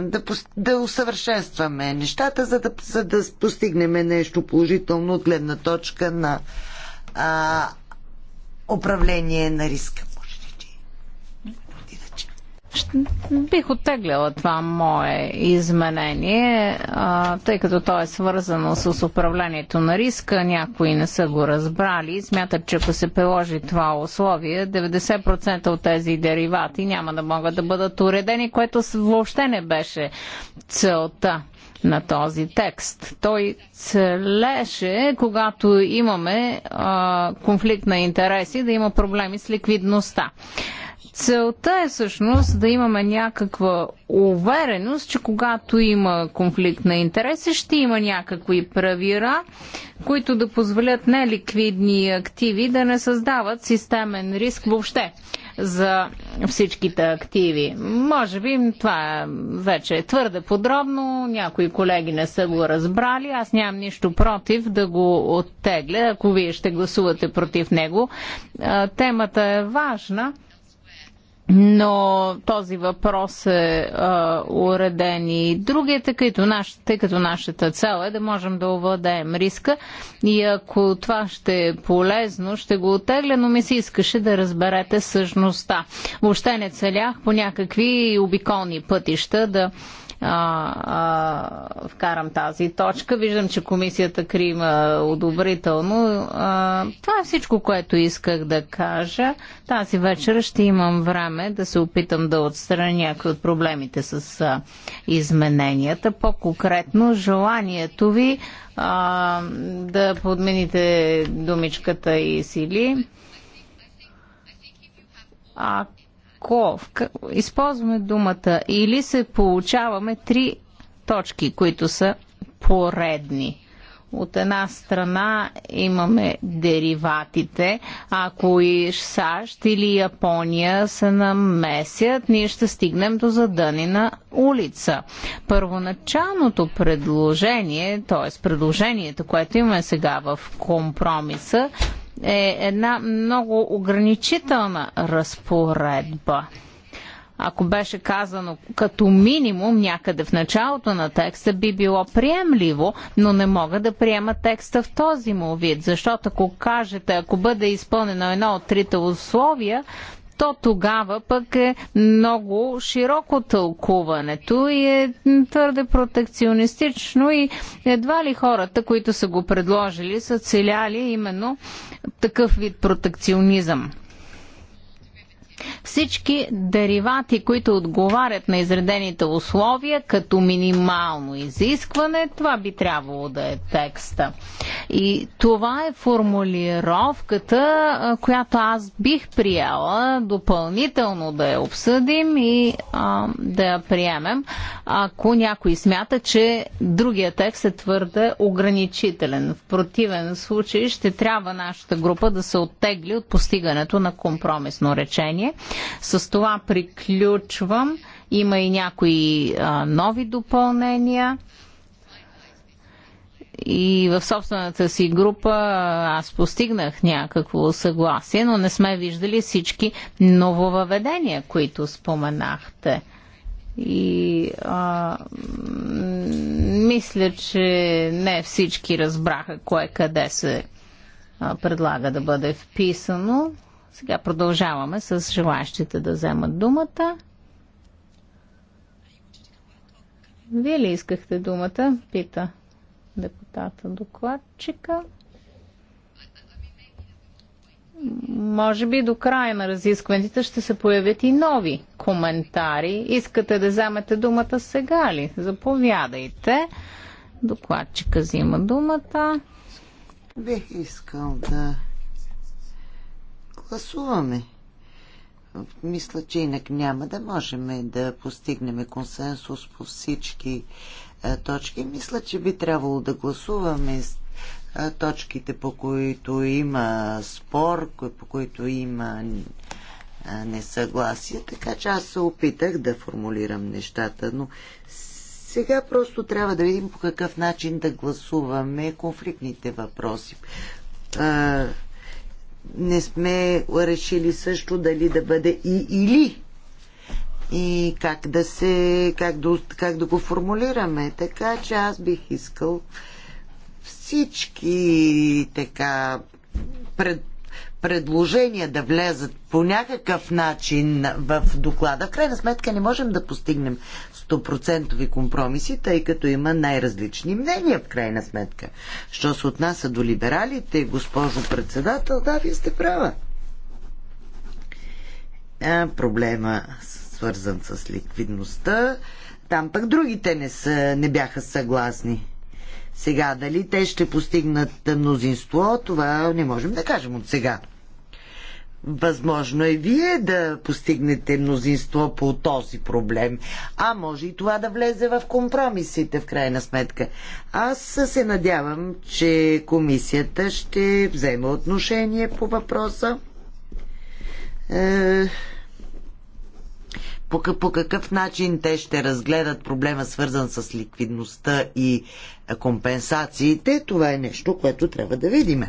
да, да усъвършенстваме нещата, за да, за да постигнем нещо положително от гледна точка на а, управление на риска. Бих оттегляла това мое изменение, а, тъй като то е свързано с управлението на риска. Някои не са го разбрали. Смятат, че ако се приложи това условие, 90% от тези деривати няма да могат да бъдат уредени, което въобще не беше целта на този текст. Той целеше, когато имаме а, конфликт на интереси, да има проблеми с ликвидността. Целта е всъщност да имаме някаква увереност, че когато има конфликт на интереси, ще има някакви правира, които да позволят неликвидни активи да не създават системен риск въобще за всичките активи. Може би това вече е твърде подробно, някои колеги не са го разбрали, аз нямам нищо против да го оттегля, ако вие ще гласувате против него. Темата е важна но този въпрос е а, уреден и другия, е, тъй като, наш, тъй като нашата цел е да можем да овладеем риска и ако това ще е полезно, ще го отегля, но ми се искаше да разберете същността. Въобще не целях по някакви обиколни пътища да а, вкарам тази точка. Виждам, че комисията крима одобрително. А, това е всичко, което исках да кажа. Тази вечер ще имам време да се опитам да отстраня някои от проблемите с а, измененията. По-конкретно, желанието ви а, да подмените думичката и сили. А, ако използваме думата или се получаваме три точки, които са поредни. От една страна имаме дериватите. Ако и САЩ или Япония се намесят, ние ще стигнем до задънена улица. Първоначалното предложение, т.е. предложението, което имаме сега в компромиса, е една много ограничителна разпоредба. Ако беше казано като минимум някъде в началото на текста би било приемливо, но не мога да приема текста в този му вид, защото ако кажете, ако бъде изпълнено едно от трите условия, то тогава пък е много широко тълкуването и е твърде протекционистично и едва ли хората, които са го предложили, са целяли именно такъв вид протекционизъм всички деривати, които отговарят на изредените условия като минимално изискване, това би трябвало да е текста. И това е формулировката, която аз бих приела допълнително да я обсъдим и а, да я приемем, ако някой смята, че другия текст е твърде ограничителен. В противен случай ще трябва нашата група да се оттегли от постигането на компромисно речение. С това приключвам. Има и някои а, нови допълнения. И в собствената си група аз постигнах някакво съгласие, но не сме виждали всички нововъведения, които споменахте. И а, мисля, че не всички разбраха кое къде се а, предлага да бъде вписано. Сега продължаваме с желащите да вземат думата. Вие ли искахте думата? Пита депутата докладчика. Може би до края на разискванията ще се появят и нови коментари. Искате да вземете думата сега ли? Заповядайте. Докладчика взима думата. Бих искал да гласуваме. Мисля, че инак няма да можем да постигнем консенсус по всички точки. Мисля, че би трябвало да гласуваме точките, по които има спор, по които има несъгласие, така че аз се опитах да формулирам нещата, но сега просто трябва да видим по какъв начин да гласуваме конфликтните въпроси не сме решили също дали да бъде и или и как да се как да, как да го формулираме така че аз бих искал всички така пред, предложения да влезат по някакъв начин в доклада, в крайна сметка не можем да постигнем 100% компромиси, тъй като има най-различни мнения в крайна сметка. Що се отнася до либералите, госпожо председател, да, вие сте права. А, проблема свързан с ликвидността, там пък другите не, са, не бяха съгласни. Сега, дали те ще постигнат мнозинство, това не можем да кажем от сега. Възможно е вие да постигнете мнозинство по този проблем, а може и това да влезе в компромисите в крайна сметка. Аз се надявам, че комисията ще вземе отношение по въпроса. Е... По, по какъв начин те ще разгледат проблема, свързан с ликвидността и компенсациите, това е нещо, което трябва да видим.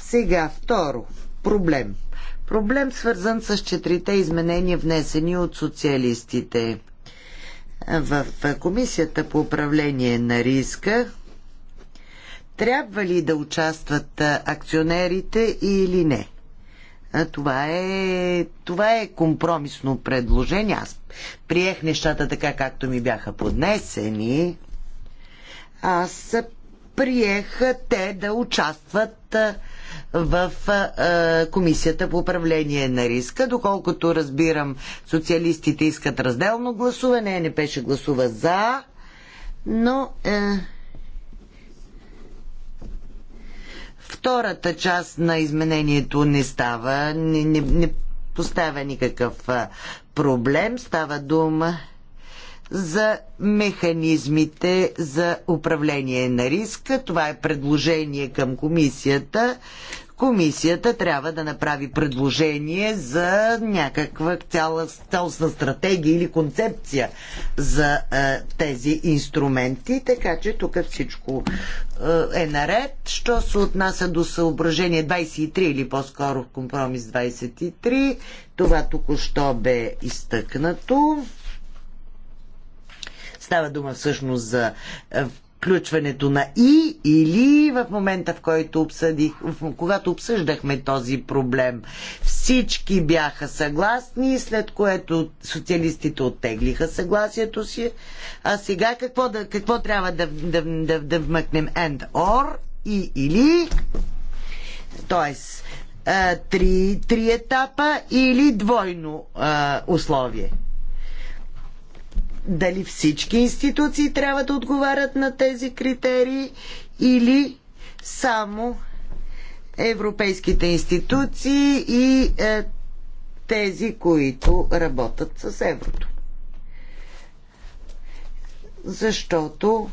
Сега, второ, проблем – проблем, свързан с четирите изменения, внесени от социалистите. В Комисията по управление на риска трябва ли да участват акционерите или не? Това е, това е компромисно предложение. Аз приех нещата така, както ми бяха поднесени. Аз приех те да участват в Комисията по управление на риска. Доколкото разбирам, социалистите искат разделно гласуване. Не беше гласува за, но е, втората част на изменението не става, не, не, не поставя никакъв проблем. Става дума за механизмите за управление на риска. Това е предложение към комисията комисията трябва да направи предложение за някаква цяла, цялостна стратегия или концепция за е, тези инструменти, така че тук всичко е, е наред. Що се отнася до съображение 23 или по-скоро компромис 23, това току-що бе изтъкнато. Става дума всъщност за е, включването на и или в момента, в който обсъдих, когато обсъждахме този проблем. Всички бяха съгласни, след което социалистите оттеглиха съгласието си. А сега какво, да, какво трябва да, да, да, да вмъкнем? And or и или. Тоест, три, три етапа или двойно а, условие дали всички институции трябва да отговарят на тези критерии или само европейските институции и е, тези, които работят с еврото. Защото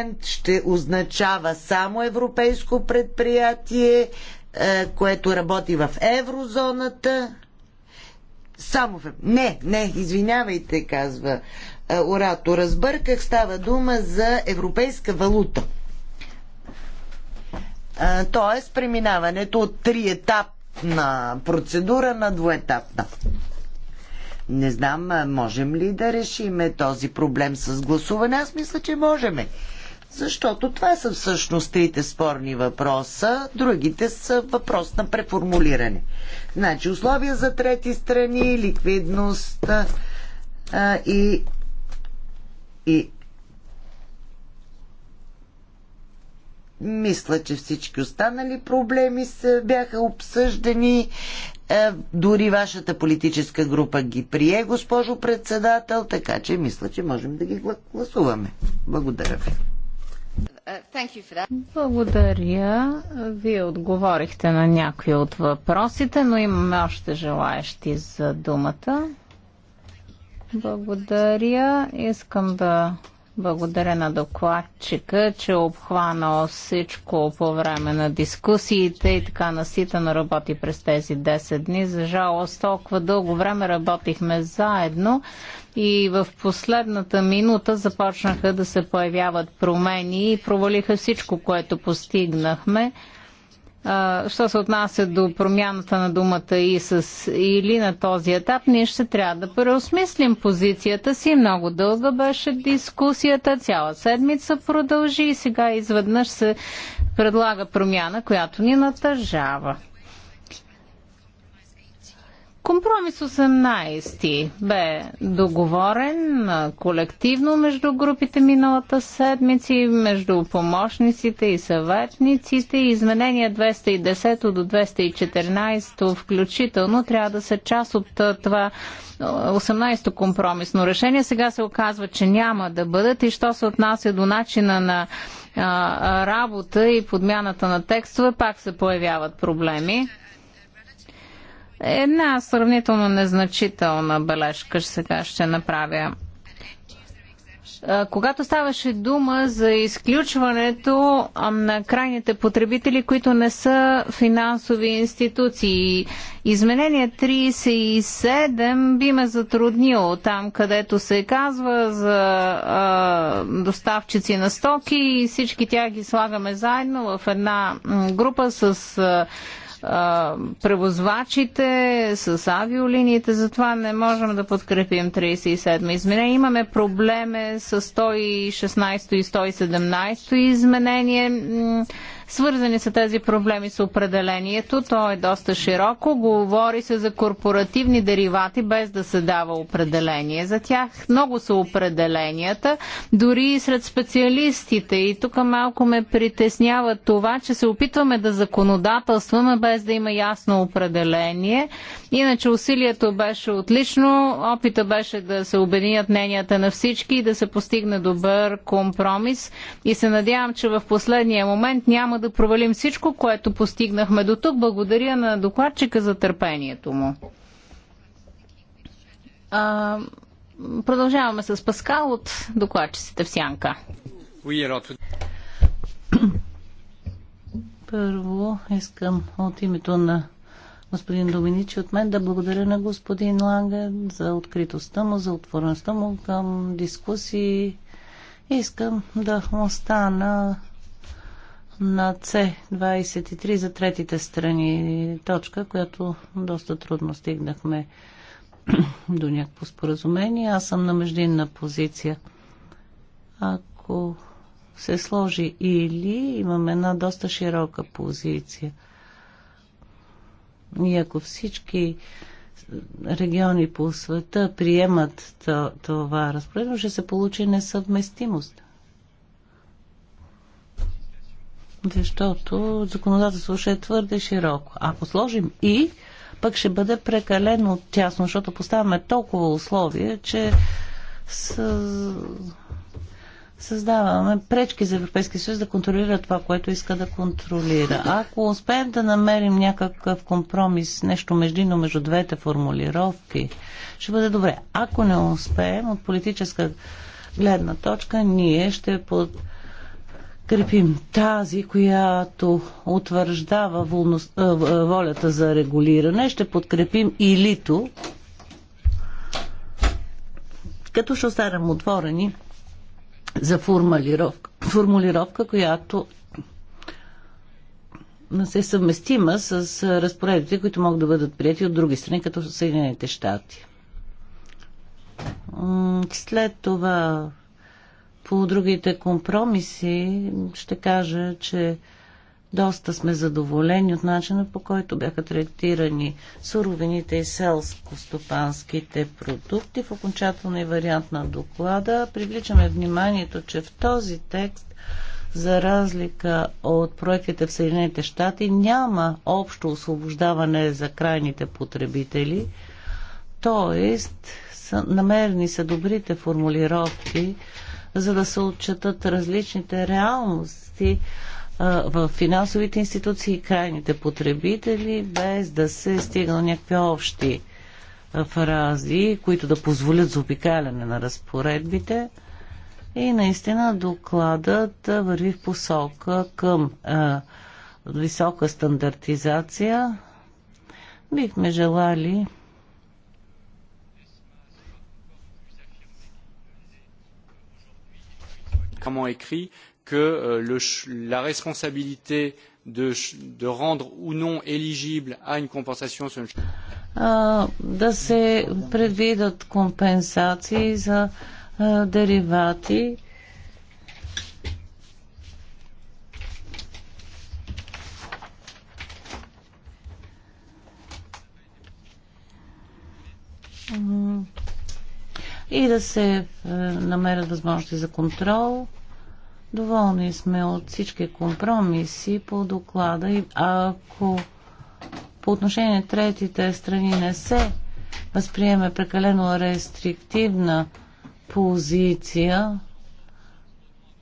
ЕНТ ще означава само европейско предприятие, е, което работи в еврозоната само в... Не, не, извинявайте, казва е, Орато. Разбърках, става дума за европейска валута. Е, тоест, преминаването от триетапна процедура на двуетапна. Не знам, е, можем ли да решиме този проблем с гласуване? Аз мисля, че можеме. Защото това са всъщност трите спорни въпроса, другите са въпрос на преформулиране. Значи условия за трети страни, ликвидност а, и, и мисля, че всички останали проблеми са, бяха обсъждани. А, е, дори вашата политическа група ги прие, госпожо председател, така че мисля, че можем да ги гласуваме. Благодаря ви. Благодаря. Вие отговорихте на някои от въпросите, но имаме още желаящи за думата. Благодаря. Искам да благодаря на докладчика, че е всичко по време на дискусиите и така наситено работи през тези 10 дни. За жалост, толкова дълго време работихме заедно и в последната минута започнаха да се появяват промени и провалиха всичко, което постигнахме. Що се отнася до промяната на думата и с или на този етап, ние ще трябва да преосмислим позицията си. Много дълга беше дискусията, цяла седмица продължи и сега изведнъж се предлага промяна, която ни натъжава. Компромис 18 бе договорен колективно между групите миналата седмици, между помощниците и съветниците. Изменения 210 до 214 включително трябва да са част от това 18-то компромисно решение. Сега се оказва, че няма да бъдат и що се отнася до начина на работа и подмяната на текстове, пак се появяват проблеми. Една сравнително незначителна бележка сега ще направя когато ставаше дума за изключването на крайните потребители, които не са финансови институции. Изменение 37 би ме затруднило там, където се казва за а, доставчици на стоки и всички тях ги слагаме заедно в една група с а, превозвачите, с авиолиниите, затова не можем да подкрепим 37 изменение. Имаме проблеме с 116 и 117 изменение Свързани са тези проблеми с определението. То е доста широко. Говори се за корпоративни деривати, без да се дава определение. За тях много са определенията, дори и сред специалистите. И тук малко ме притеснява това, че се опитваме да законодателстваме, без да има ясно определение. Иначе усилието беше отлично. Опита беше да се обединят мненията на всички и да се постигне добър компромис. И се надявам, че в последния момент няма да провалим всичко, което постигнахме до тук. Благодаря на докладчика за търпението му. А, продължаваме с Паскал от докладчиците в Сянка. Първо искам от името на господин Доминичи от мен да благодаря на господин Ланга за откритостта му, за отвореността му към дискусии. Искам да остана на C23 за третите страни. Точка, която доста трудно стигнахме до някакво споразумение. Аз съм на междинна позиция. Ако се сложи или, имаме една доста широка позиция. И ако всички региони по света приемат това разпоредно, ще се получи несъвместимост. защото законодателство ще е твърде широко. Ако сложим и, пък ще бъде прекалено тясно, защото поставяме толкова условия, че създаваме пречки за Европейския съюз да контролира това, което иска да контролира. Ако успеем да намерим някакъв компромис, нещо междинно между двете формулировки, ще бъде добре. Ако не успеем, от политическа гледна точка, ние ще под подкрепим тази, която утвърждава волност, волята за регулиране. Ще подкрепим илито, като ще останем отворени за формулировка, формулировка която се съвместима с разпоредите, които могат да бъдат прияти от други страни, като Съединените щати. След това по другите компромиси ще кажа, че доста сме задоволени от начина по който бяха третирани суровините и селско-стопанските продукти. В окончателния вариант на доклада привличаме вниманието, че в този текст за разлика от проектите в Съединените щати, няма общо освобождаване за крайните потребители, т.е. намерени са добрите формулировки за да се отчетат различните реалности в финансовите институции и крайните потребители, без да се стига на някакви общи фрази, които да позволят заобикаляне на разпоредбите. И наистина докладът върви в посока към висока стандартизация. Бихме желали clairement écrit que la responsabilité de, rendre ou non éligible à une compensation sur une да се предвидат компенсации за а, деривати. Mm-hmm и да се е, намерят възможности за контрол. Доволни сме от всички компромиси по доклада и ако по отношение на третите страни не се възприеме прекалено рестриктивна позиция,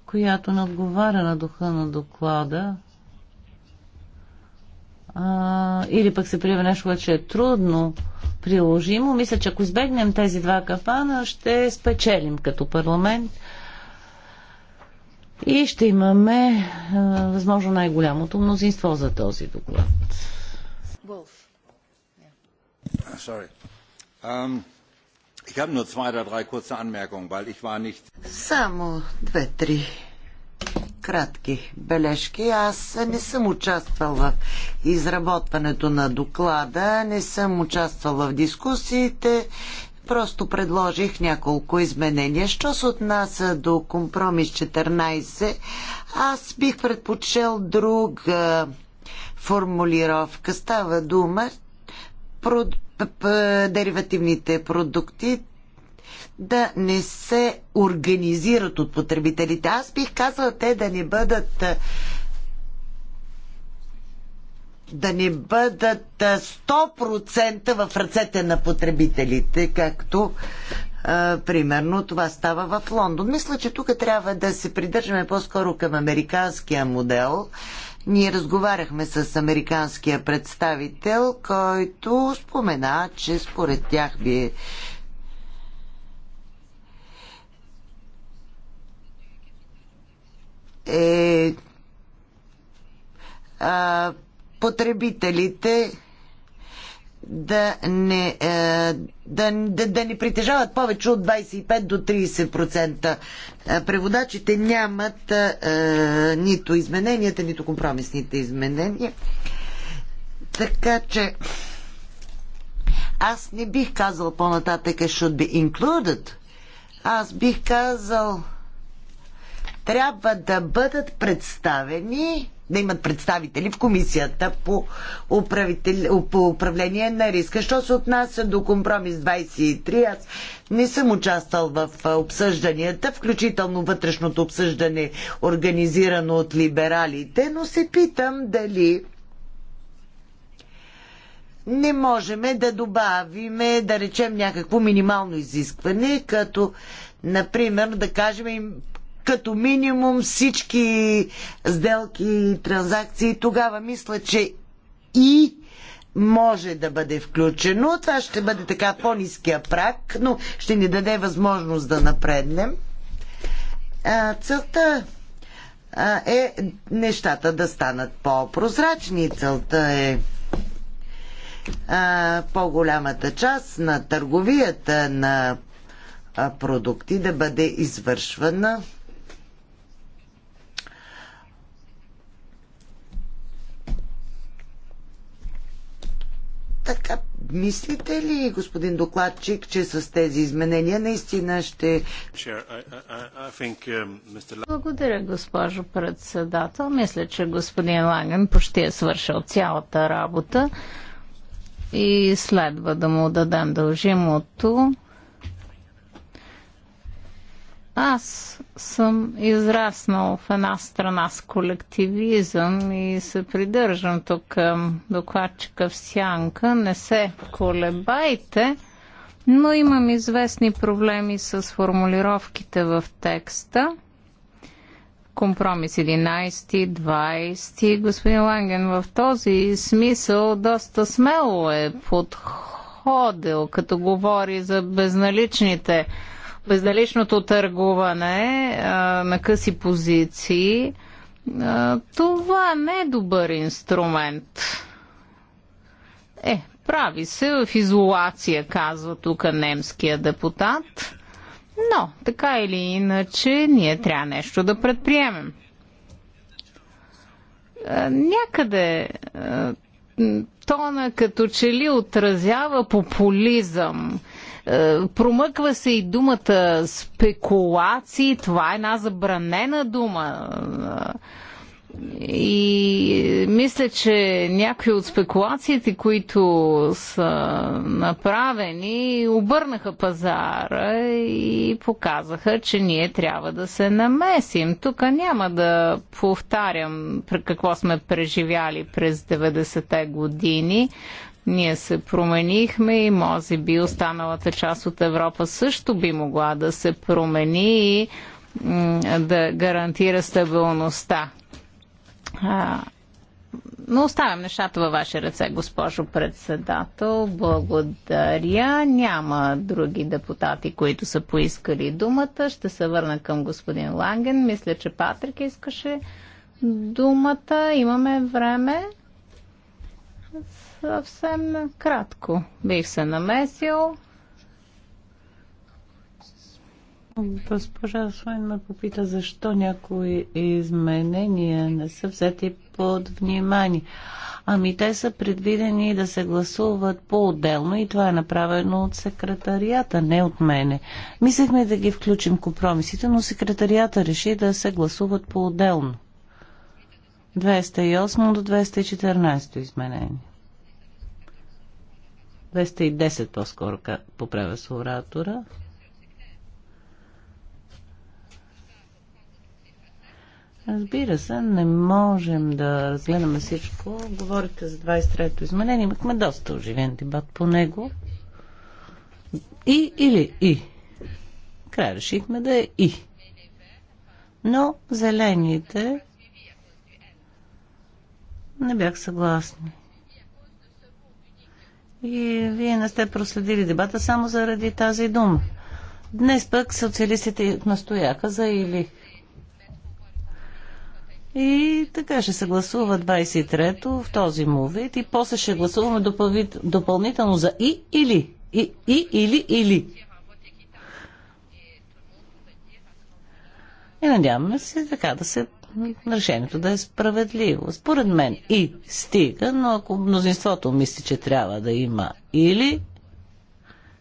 която не отговаря на духа на доклада, а, или пък се приема нещо, което е трудно приложимо. Мисля, че ако избегнем тези два кафана, ще спечелим като парламент и ще имаме а, възможно най-голямото мнозинство за този доклад. Ah, um, Само две-три кратки бележки. Аз не съм участвал в изработването на доклада, не съм участвал в дискусиите, просто предложих няколко изменения. Що се отнася до компромис 14, аз бих предпочел друга формулировка. Става дума про деривативните продукти да не се организират от потребителите. Аз бих казала те да не бъдат да не бъдат 100% в ръцете на потребителите, както а, примерно това става в Лондон. Мисля, че тук трябва да се придържаме по-скоро към американския модел. Ние разговаряхме с американския представител, който спомена, че според тях би е а, потребителите да не, а, е, да, да, да не притежават повече от 25 до 30%. Е, преводачите нямат а, е, нито измененията, нито компромисните изменения. Така че аз не бих казал по-нататък should be included. Аз бих казал трябва да бъдат представени, да имат представители в комисията по, управител, по управление на риска. Що се отнася до компромис 23, аз не съм участвал в обсъжданията, включително вътрешното обсъждане, организирано от либералите, но се питам дали не можем да добавиме, да речем, някакво минимално изискване, като, например, да кажем им като минимум всички сделки и транзакции. Тогава мисля, че и може да бъде включено. Това ще бъде така по-низкия прак, но ще ни даде възможност да напреднем. целта е нещата да станат по-прозрачни. Целта е по-голямата част на търговията на продукти да бъде извършвана Така, мислите ли, господин докладчик, че с тези изменения наистина ще... Um, Благодаря, госпожо председател. Мисля, че господин Лаген почти е свършил цялата работа и следва да му дадем дължимото. Аз съм израснал в една страна с колективизъм и се придържам тук към докладчика в сянка. Не се колебайте, но имам известни проблеми с формулировките в текста. Компромис 11, 20. Господин Ланген, в този смисъл доста смело е подходил, като говори за безналичните бездалечното търгуване а, на къси позиции, а, това не е добър инструмент. Е, прави се в изолация, казва тук немския депутат. Но, така или иначе, ние трябва нещо да предприемем. Някъде тона като че ли отразява популизъм е, промъква се и думата спекулации. Това е една забранена дума. Е, и мисля, че някои от спекулациите, които са направени, обърнаха пазара и показаха, че ние трябва да се намесим. Тук няма да повтарям какво сме преживяли през 90-те години, ние се променихме и може би останалата част от Европа също би могла да се промени и да гарантира стабилността. Но оставям нещата във ваше ръце, госпожо председател. Благодаря. Няма други депутати, които са поискали думата. Ще се върна към господин Ланген. Мисля, че Патрик искаше думата. Имаме време. Съвсем кратко бих се намесил. Госпожа Слайн ме попита защо някои изменения не са взети под внимание. Ами те са предвидени да се гласуват по-отделно и това е направено от секретарията, не от мене. Мислехме да ги включим компромисите, но секретарията реши да се гласуват по-отделно. 208 до 214 изменение. 210 по-скоро поправя с оратора. Разбира се, не можем да разгледаме всичко. Говорите за 23-то изменение. Имахме доста оживен дебат по него. И или и. Край решихме да е и. Но зелените не бях съгласна. И вие не сте проследили дебата само заради тази дума. Днес пък социалистите настояха за или. И така ще се гласува 23-то в този му вид и после ще гласуваме допълнително за и или. И, и или или. И надяваме се така да се решението да е справедливо. Според мен и стига, но ако мнозинството мисли, че трябва да има или,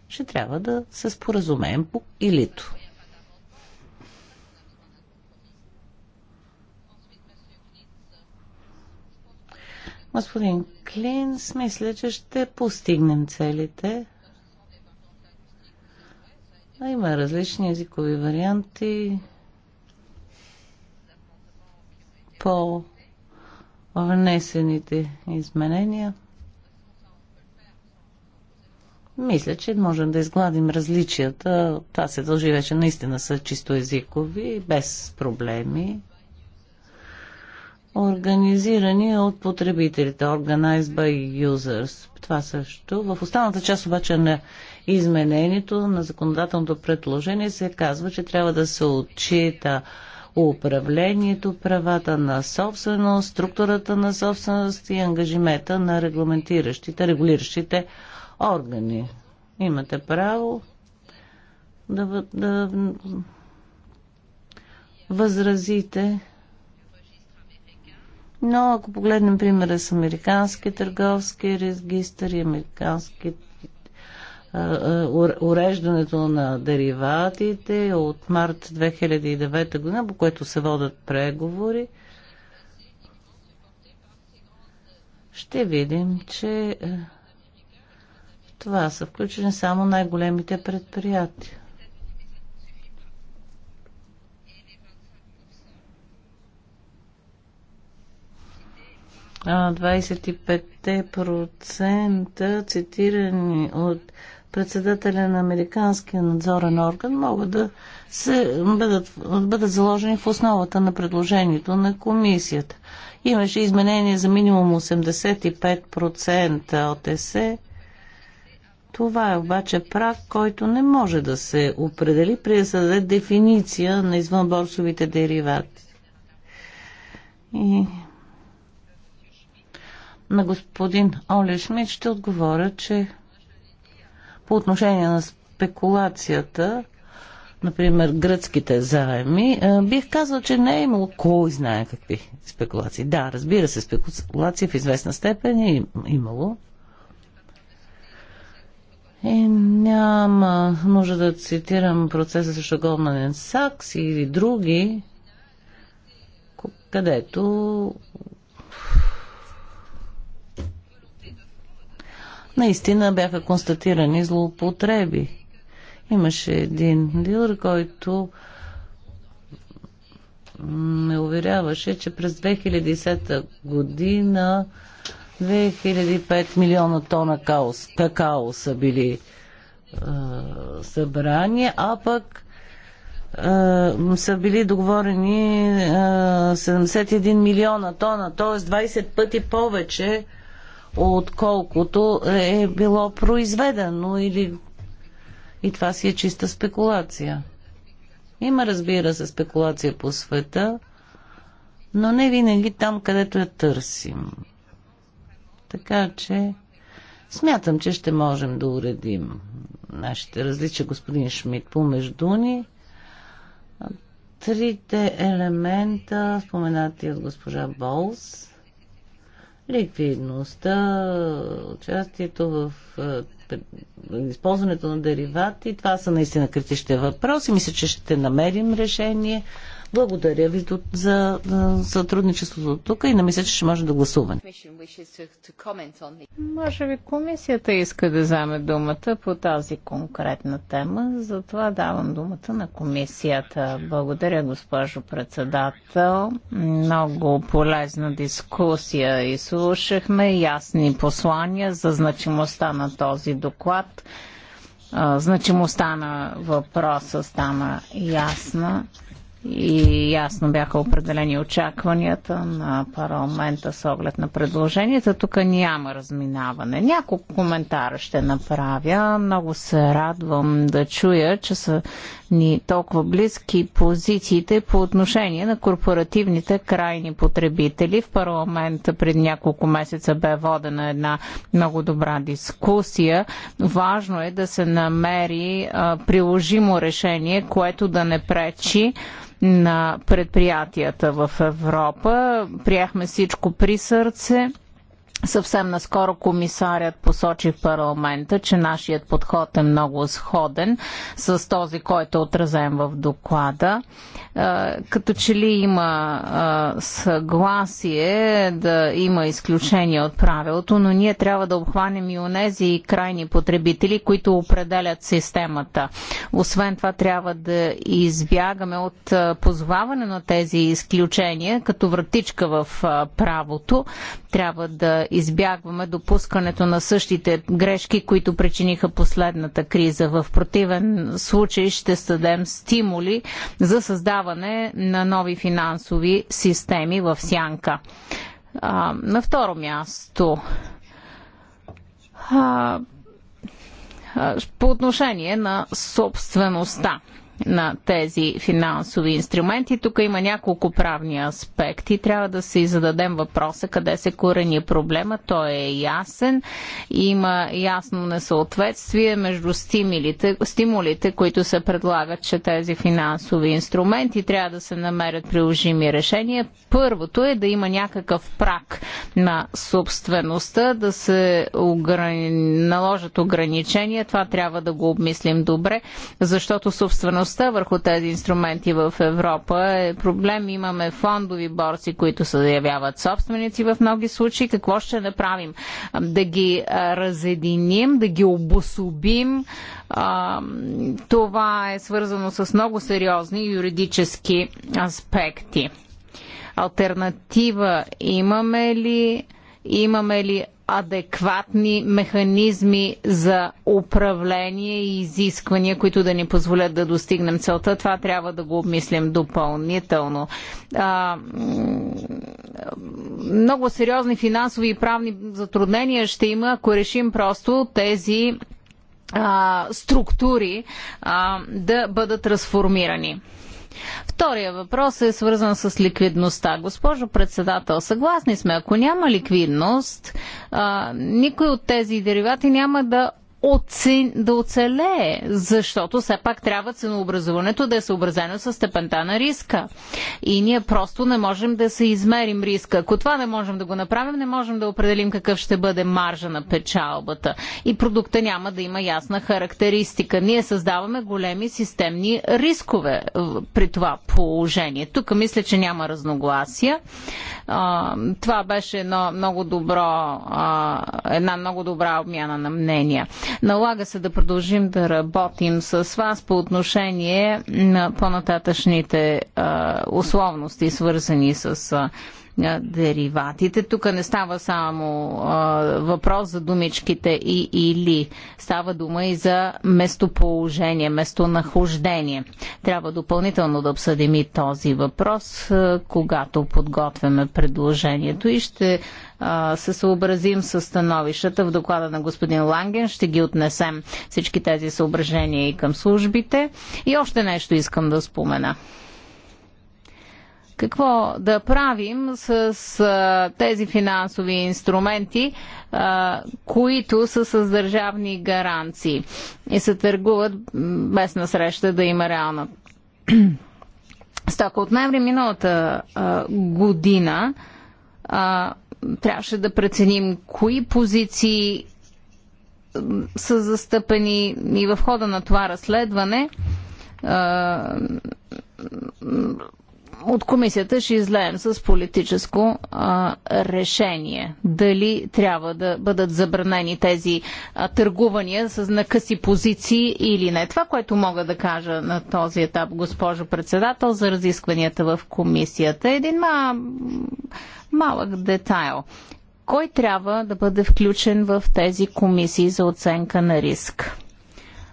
ще трябва да се споразумеем по илито. Господин Клинс, мисля, че ще постигнем целите. има различни езикови варианти по внесените изменения. Мисля, че можем да изгладим различията. Това се дължи вече наистина са чисто езикови, без проблеми. Организирани е от потребителите, organized by users. Това също. В останалата част обаче на изменението на законодателното предложение се казва, че трябва да се отчита управлението, правата на собственост, структурата на собственост и ангажимета на регламентиращите, регулиращите органи. Имате право да, да възразите. Но ако погледнем примера с американски търговски регистър и американски уреждането на дериватите от март 2009 година, по което се водят преговори. Ще видим, че е, това са включени само най-големите предприятия. А 25% цитирани от председателя на Американския надзорен орган могат да се, бъдат, бъдат заложени в основата на предложението на комисията. Имаше изменение за минимум 85% от ЕСЕ. Това е обаче прак, който не може да се определи при да се даде дефиниция на извънборсовите деривати. И на господин Оле Шмидт ще отговоря, че по отношение на спекулацията, например, гръцките заеми, е, бих казал, че не е имало кой знае какви спекулации. Да, разбира се, спекулации в известна степен е имало. И няма нужда да цитирам процеса срещу Голманен Сакс или други, където наистина бяха констатирани злоупотреби. Имаше един дилър, който ме уверяваше, че през 2010 година 2005 милиона тона каос, какао са били е, събрани, а пък е, са били договорени е, 71 милиона тона, т.е. 20 пъти повече отколкото е било произведено или и това си е чиста спекулация. Има, разбира се, спекулация по света, но не винаги там, където я търсим. Така че смятам, че ще можем да уредим нашите различия, господин Шмидт, помежду ни. Трите елемента, споменати от госпожа Болс, ликвидността, участието в използването на деривати. Това са наистина критични въпроси. Мисля, че ще намерим решение. Благодаря ви за сътрудничеството тук и не мисля, че ще може да гласуваме. Може би комисията иска да вземе думата по тази конкретна тема, затова давам думата на комисията. Благодаря, госпожо председател. Много полезна дискусия и слушахме ясни послания за значимостта на този доклад. Значимостта на въпроса стана ясна и ясно бяха определени очакванията на парламента с оглед на предложенията. Тук няма разминаване. Няколко коментара ще направя. Много се радвам да чуя, че са ни толкова близки позициите по отношение на корпоративните крайни потребители. В парламента пред няколко месеца бе водена една много добра дискусия. Важно е да се намери а, приложимо решение, което да не пречи на предприятията в Европа. Прияхме всичко при сърце. Съвсем наскоро комисарят посочи в парламента, че нашият подход е много сходен с този, който е отразен в доклада. Е, като че ли има е, съгласие да има изключение от правилото, но ние трябва да обхванем и онези крайни потребители, които определят системата. Освен това трябва да избягаме от е, позоваване на тези изключения като вратичка в правото. Трябва да избягваме допускането на същите грешки, които причиниха последната криза. В противен случай ще съдем стимули за създаване на нови финансови системи в сянка. А, на второ място. А, по отношение на собствеността на тези финансови инструменти. Тук има няколко правни аспекти. Трябва да си зададем въпроса къде се корени проблема. Той е ясен. Има ясно несъответствие между стимулите, стимулите които се предлагат, че тези финансови инструменти трябва да се намерят приложими решения. Първото е да има някакъв прак на собствеността, да се ограни... наложат ограничения. Това трябва да го обмислим добре, защото собствеността отговорността върху тези инструменти в Европа е проблем. Имаме фондови борци, които се заявяват собственици в много случаи. Какво ще направим? Да ги разединим, да ги обособим. Това е свързано с много сериозни юридически аспекти. Альтернатива имаме ли? Имаме ли адекватни механизми за управление и изисквания, които да ни позволят да достигнем целта. Това трябва да го обмислим допълнително. А, много сериозни финансови и правни затруднения ще има, ако решим просто тези а, структури а, да бъдат разформирани. Втория въпрос е свързан с ликвидността. Госпожо председател, съгласни сме, ако няма ликвидност, а, никой от тези деривати няма да оцен... да оцелее, защото все пак трябва ценообразуването да е съобразено с степента на риска. И ние просто не можем да се измерим риска. Ако това не можем да го направим, не можем да определим какъв ще бъде маржа на печалбата. И продукта няма да има ясна характеристика. Ние създаваме големи системни рискове е, при това положение. Тук мисля, че няма разногласия. това беше едно много добро, една много добра обмяна на мнения. Налага се да продължим да работим с вас по отношение на по-нататъчните условности, свързани с дериватите. Тук не става само а, въпрос за думичките и или. Става дума и за местоположение, местонахождение. Трябва допълнително да обсъдим и този въпрос, а, когато подготвяме предложението и ще а, се съобразим с становищата в доклада на господин Ланген. Ще ги отнесем всички тези съображения и към службите. И още нещо искам да спомена. Какво да правим с а, тези финансови инструменти, а, които са с държавни гаранции и се търгуват без насреща да има реална стока? От ноември миналата а, година а, трябваше да преценим кои позиции са застъпени и в хода на това разследване от комисията ще излеем с политическо а, решение. Дали трябва да бъдат забранени тези а, търгувания с накъси позиции или не. Това, което мога да кажа на този етап, госпожо председател, за разискванията в комисията е един ма, малък детайл. Кой трябва да бъде включен в тези комисии за оценка на риск?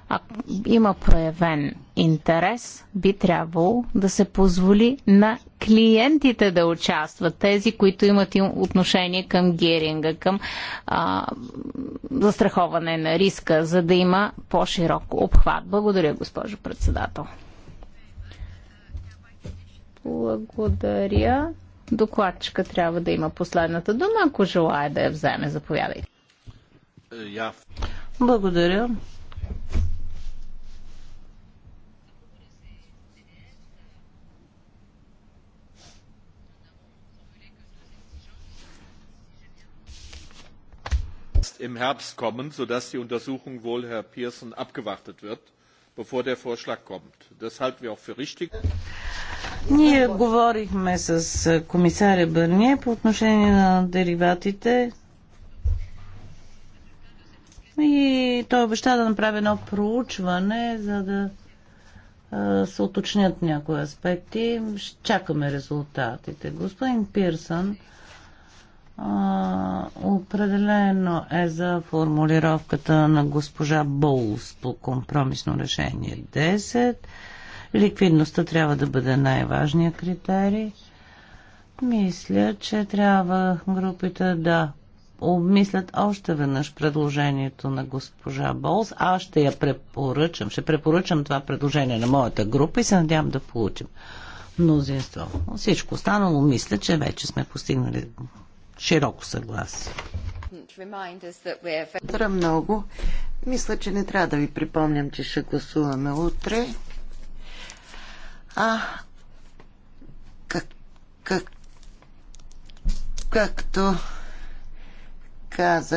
А, има проявен интерес би трябвало да се позволи на клиентите да участват, тези, които имат им отношение към геринга, към а, застраховане на риска, за да има по-широк обхват. Благодаря, госпожо председател. Благодаря. Докладчика трябва да има последната дума, ако желая да я вземе. Заповядайте. Благодаря. erst im Herbst kommen, sodass die Untersuchung wohl, Herr Pearson, abgewartet wird, bevor der Vorschlag kommt. Das halten wir auch für richtig. Ние говорихме с е, комисаря Бърние по отношение на дериватите и той обеща да направи едно проучване, за да е, се уточнят някои аспекти. Чакаме резултатите. Господин Пирсън а, определено е за формулировката на госпожа Боулс по компромисно решение 10. Ликвидността трябва да бъде най-важният критерий. Мисля, че трябва групите да обмислят още веднъж предложението на госпожа Болс. Аз ще я препоръчам. Ще препоръчам това предложение на моята група и се надявам да получим мнозинство. Всичко останало мисля, че вече сме постигнали широко съгласие. Благодаря много. Мисля, че не трябва да ви припомням, че ще гласуваме утре. А как, как, както казах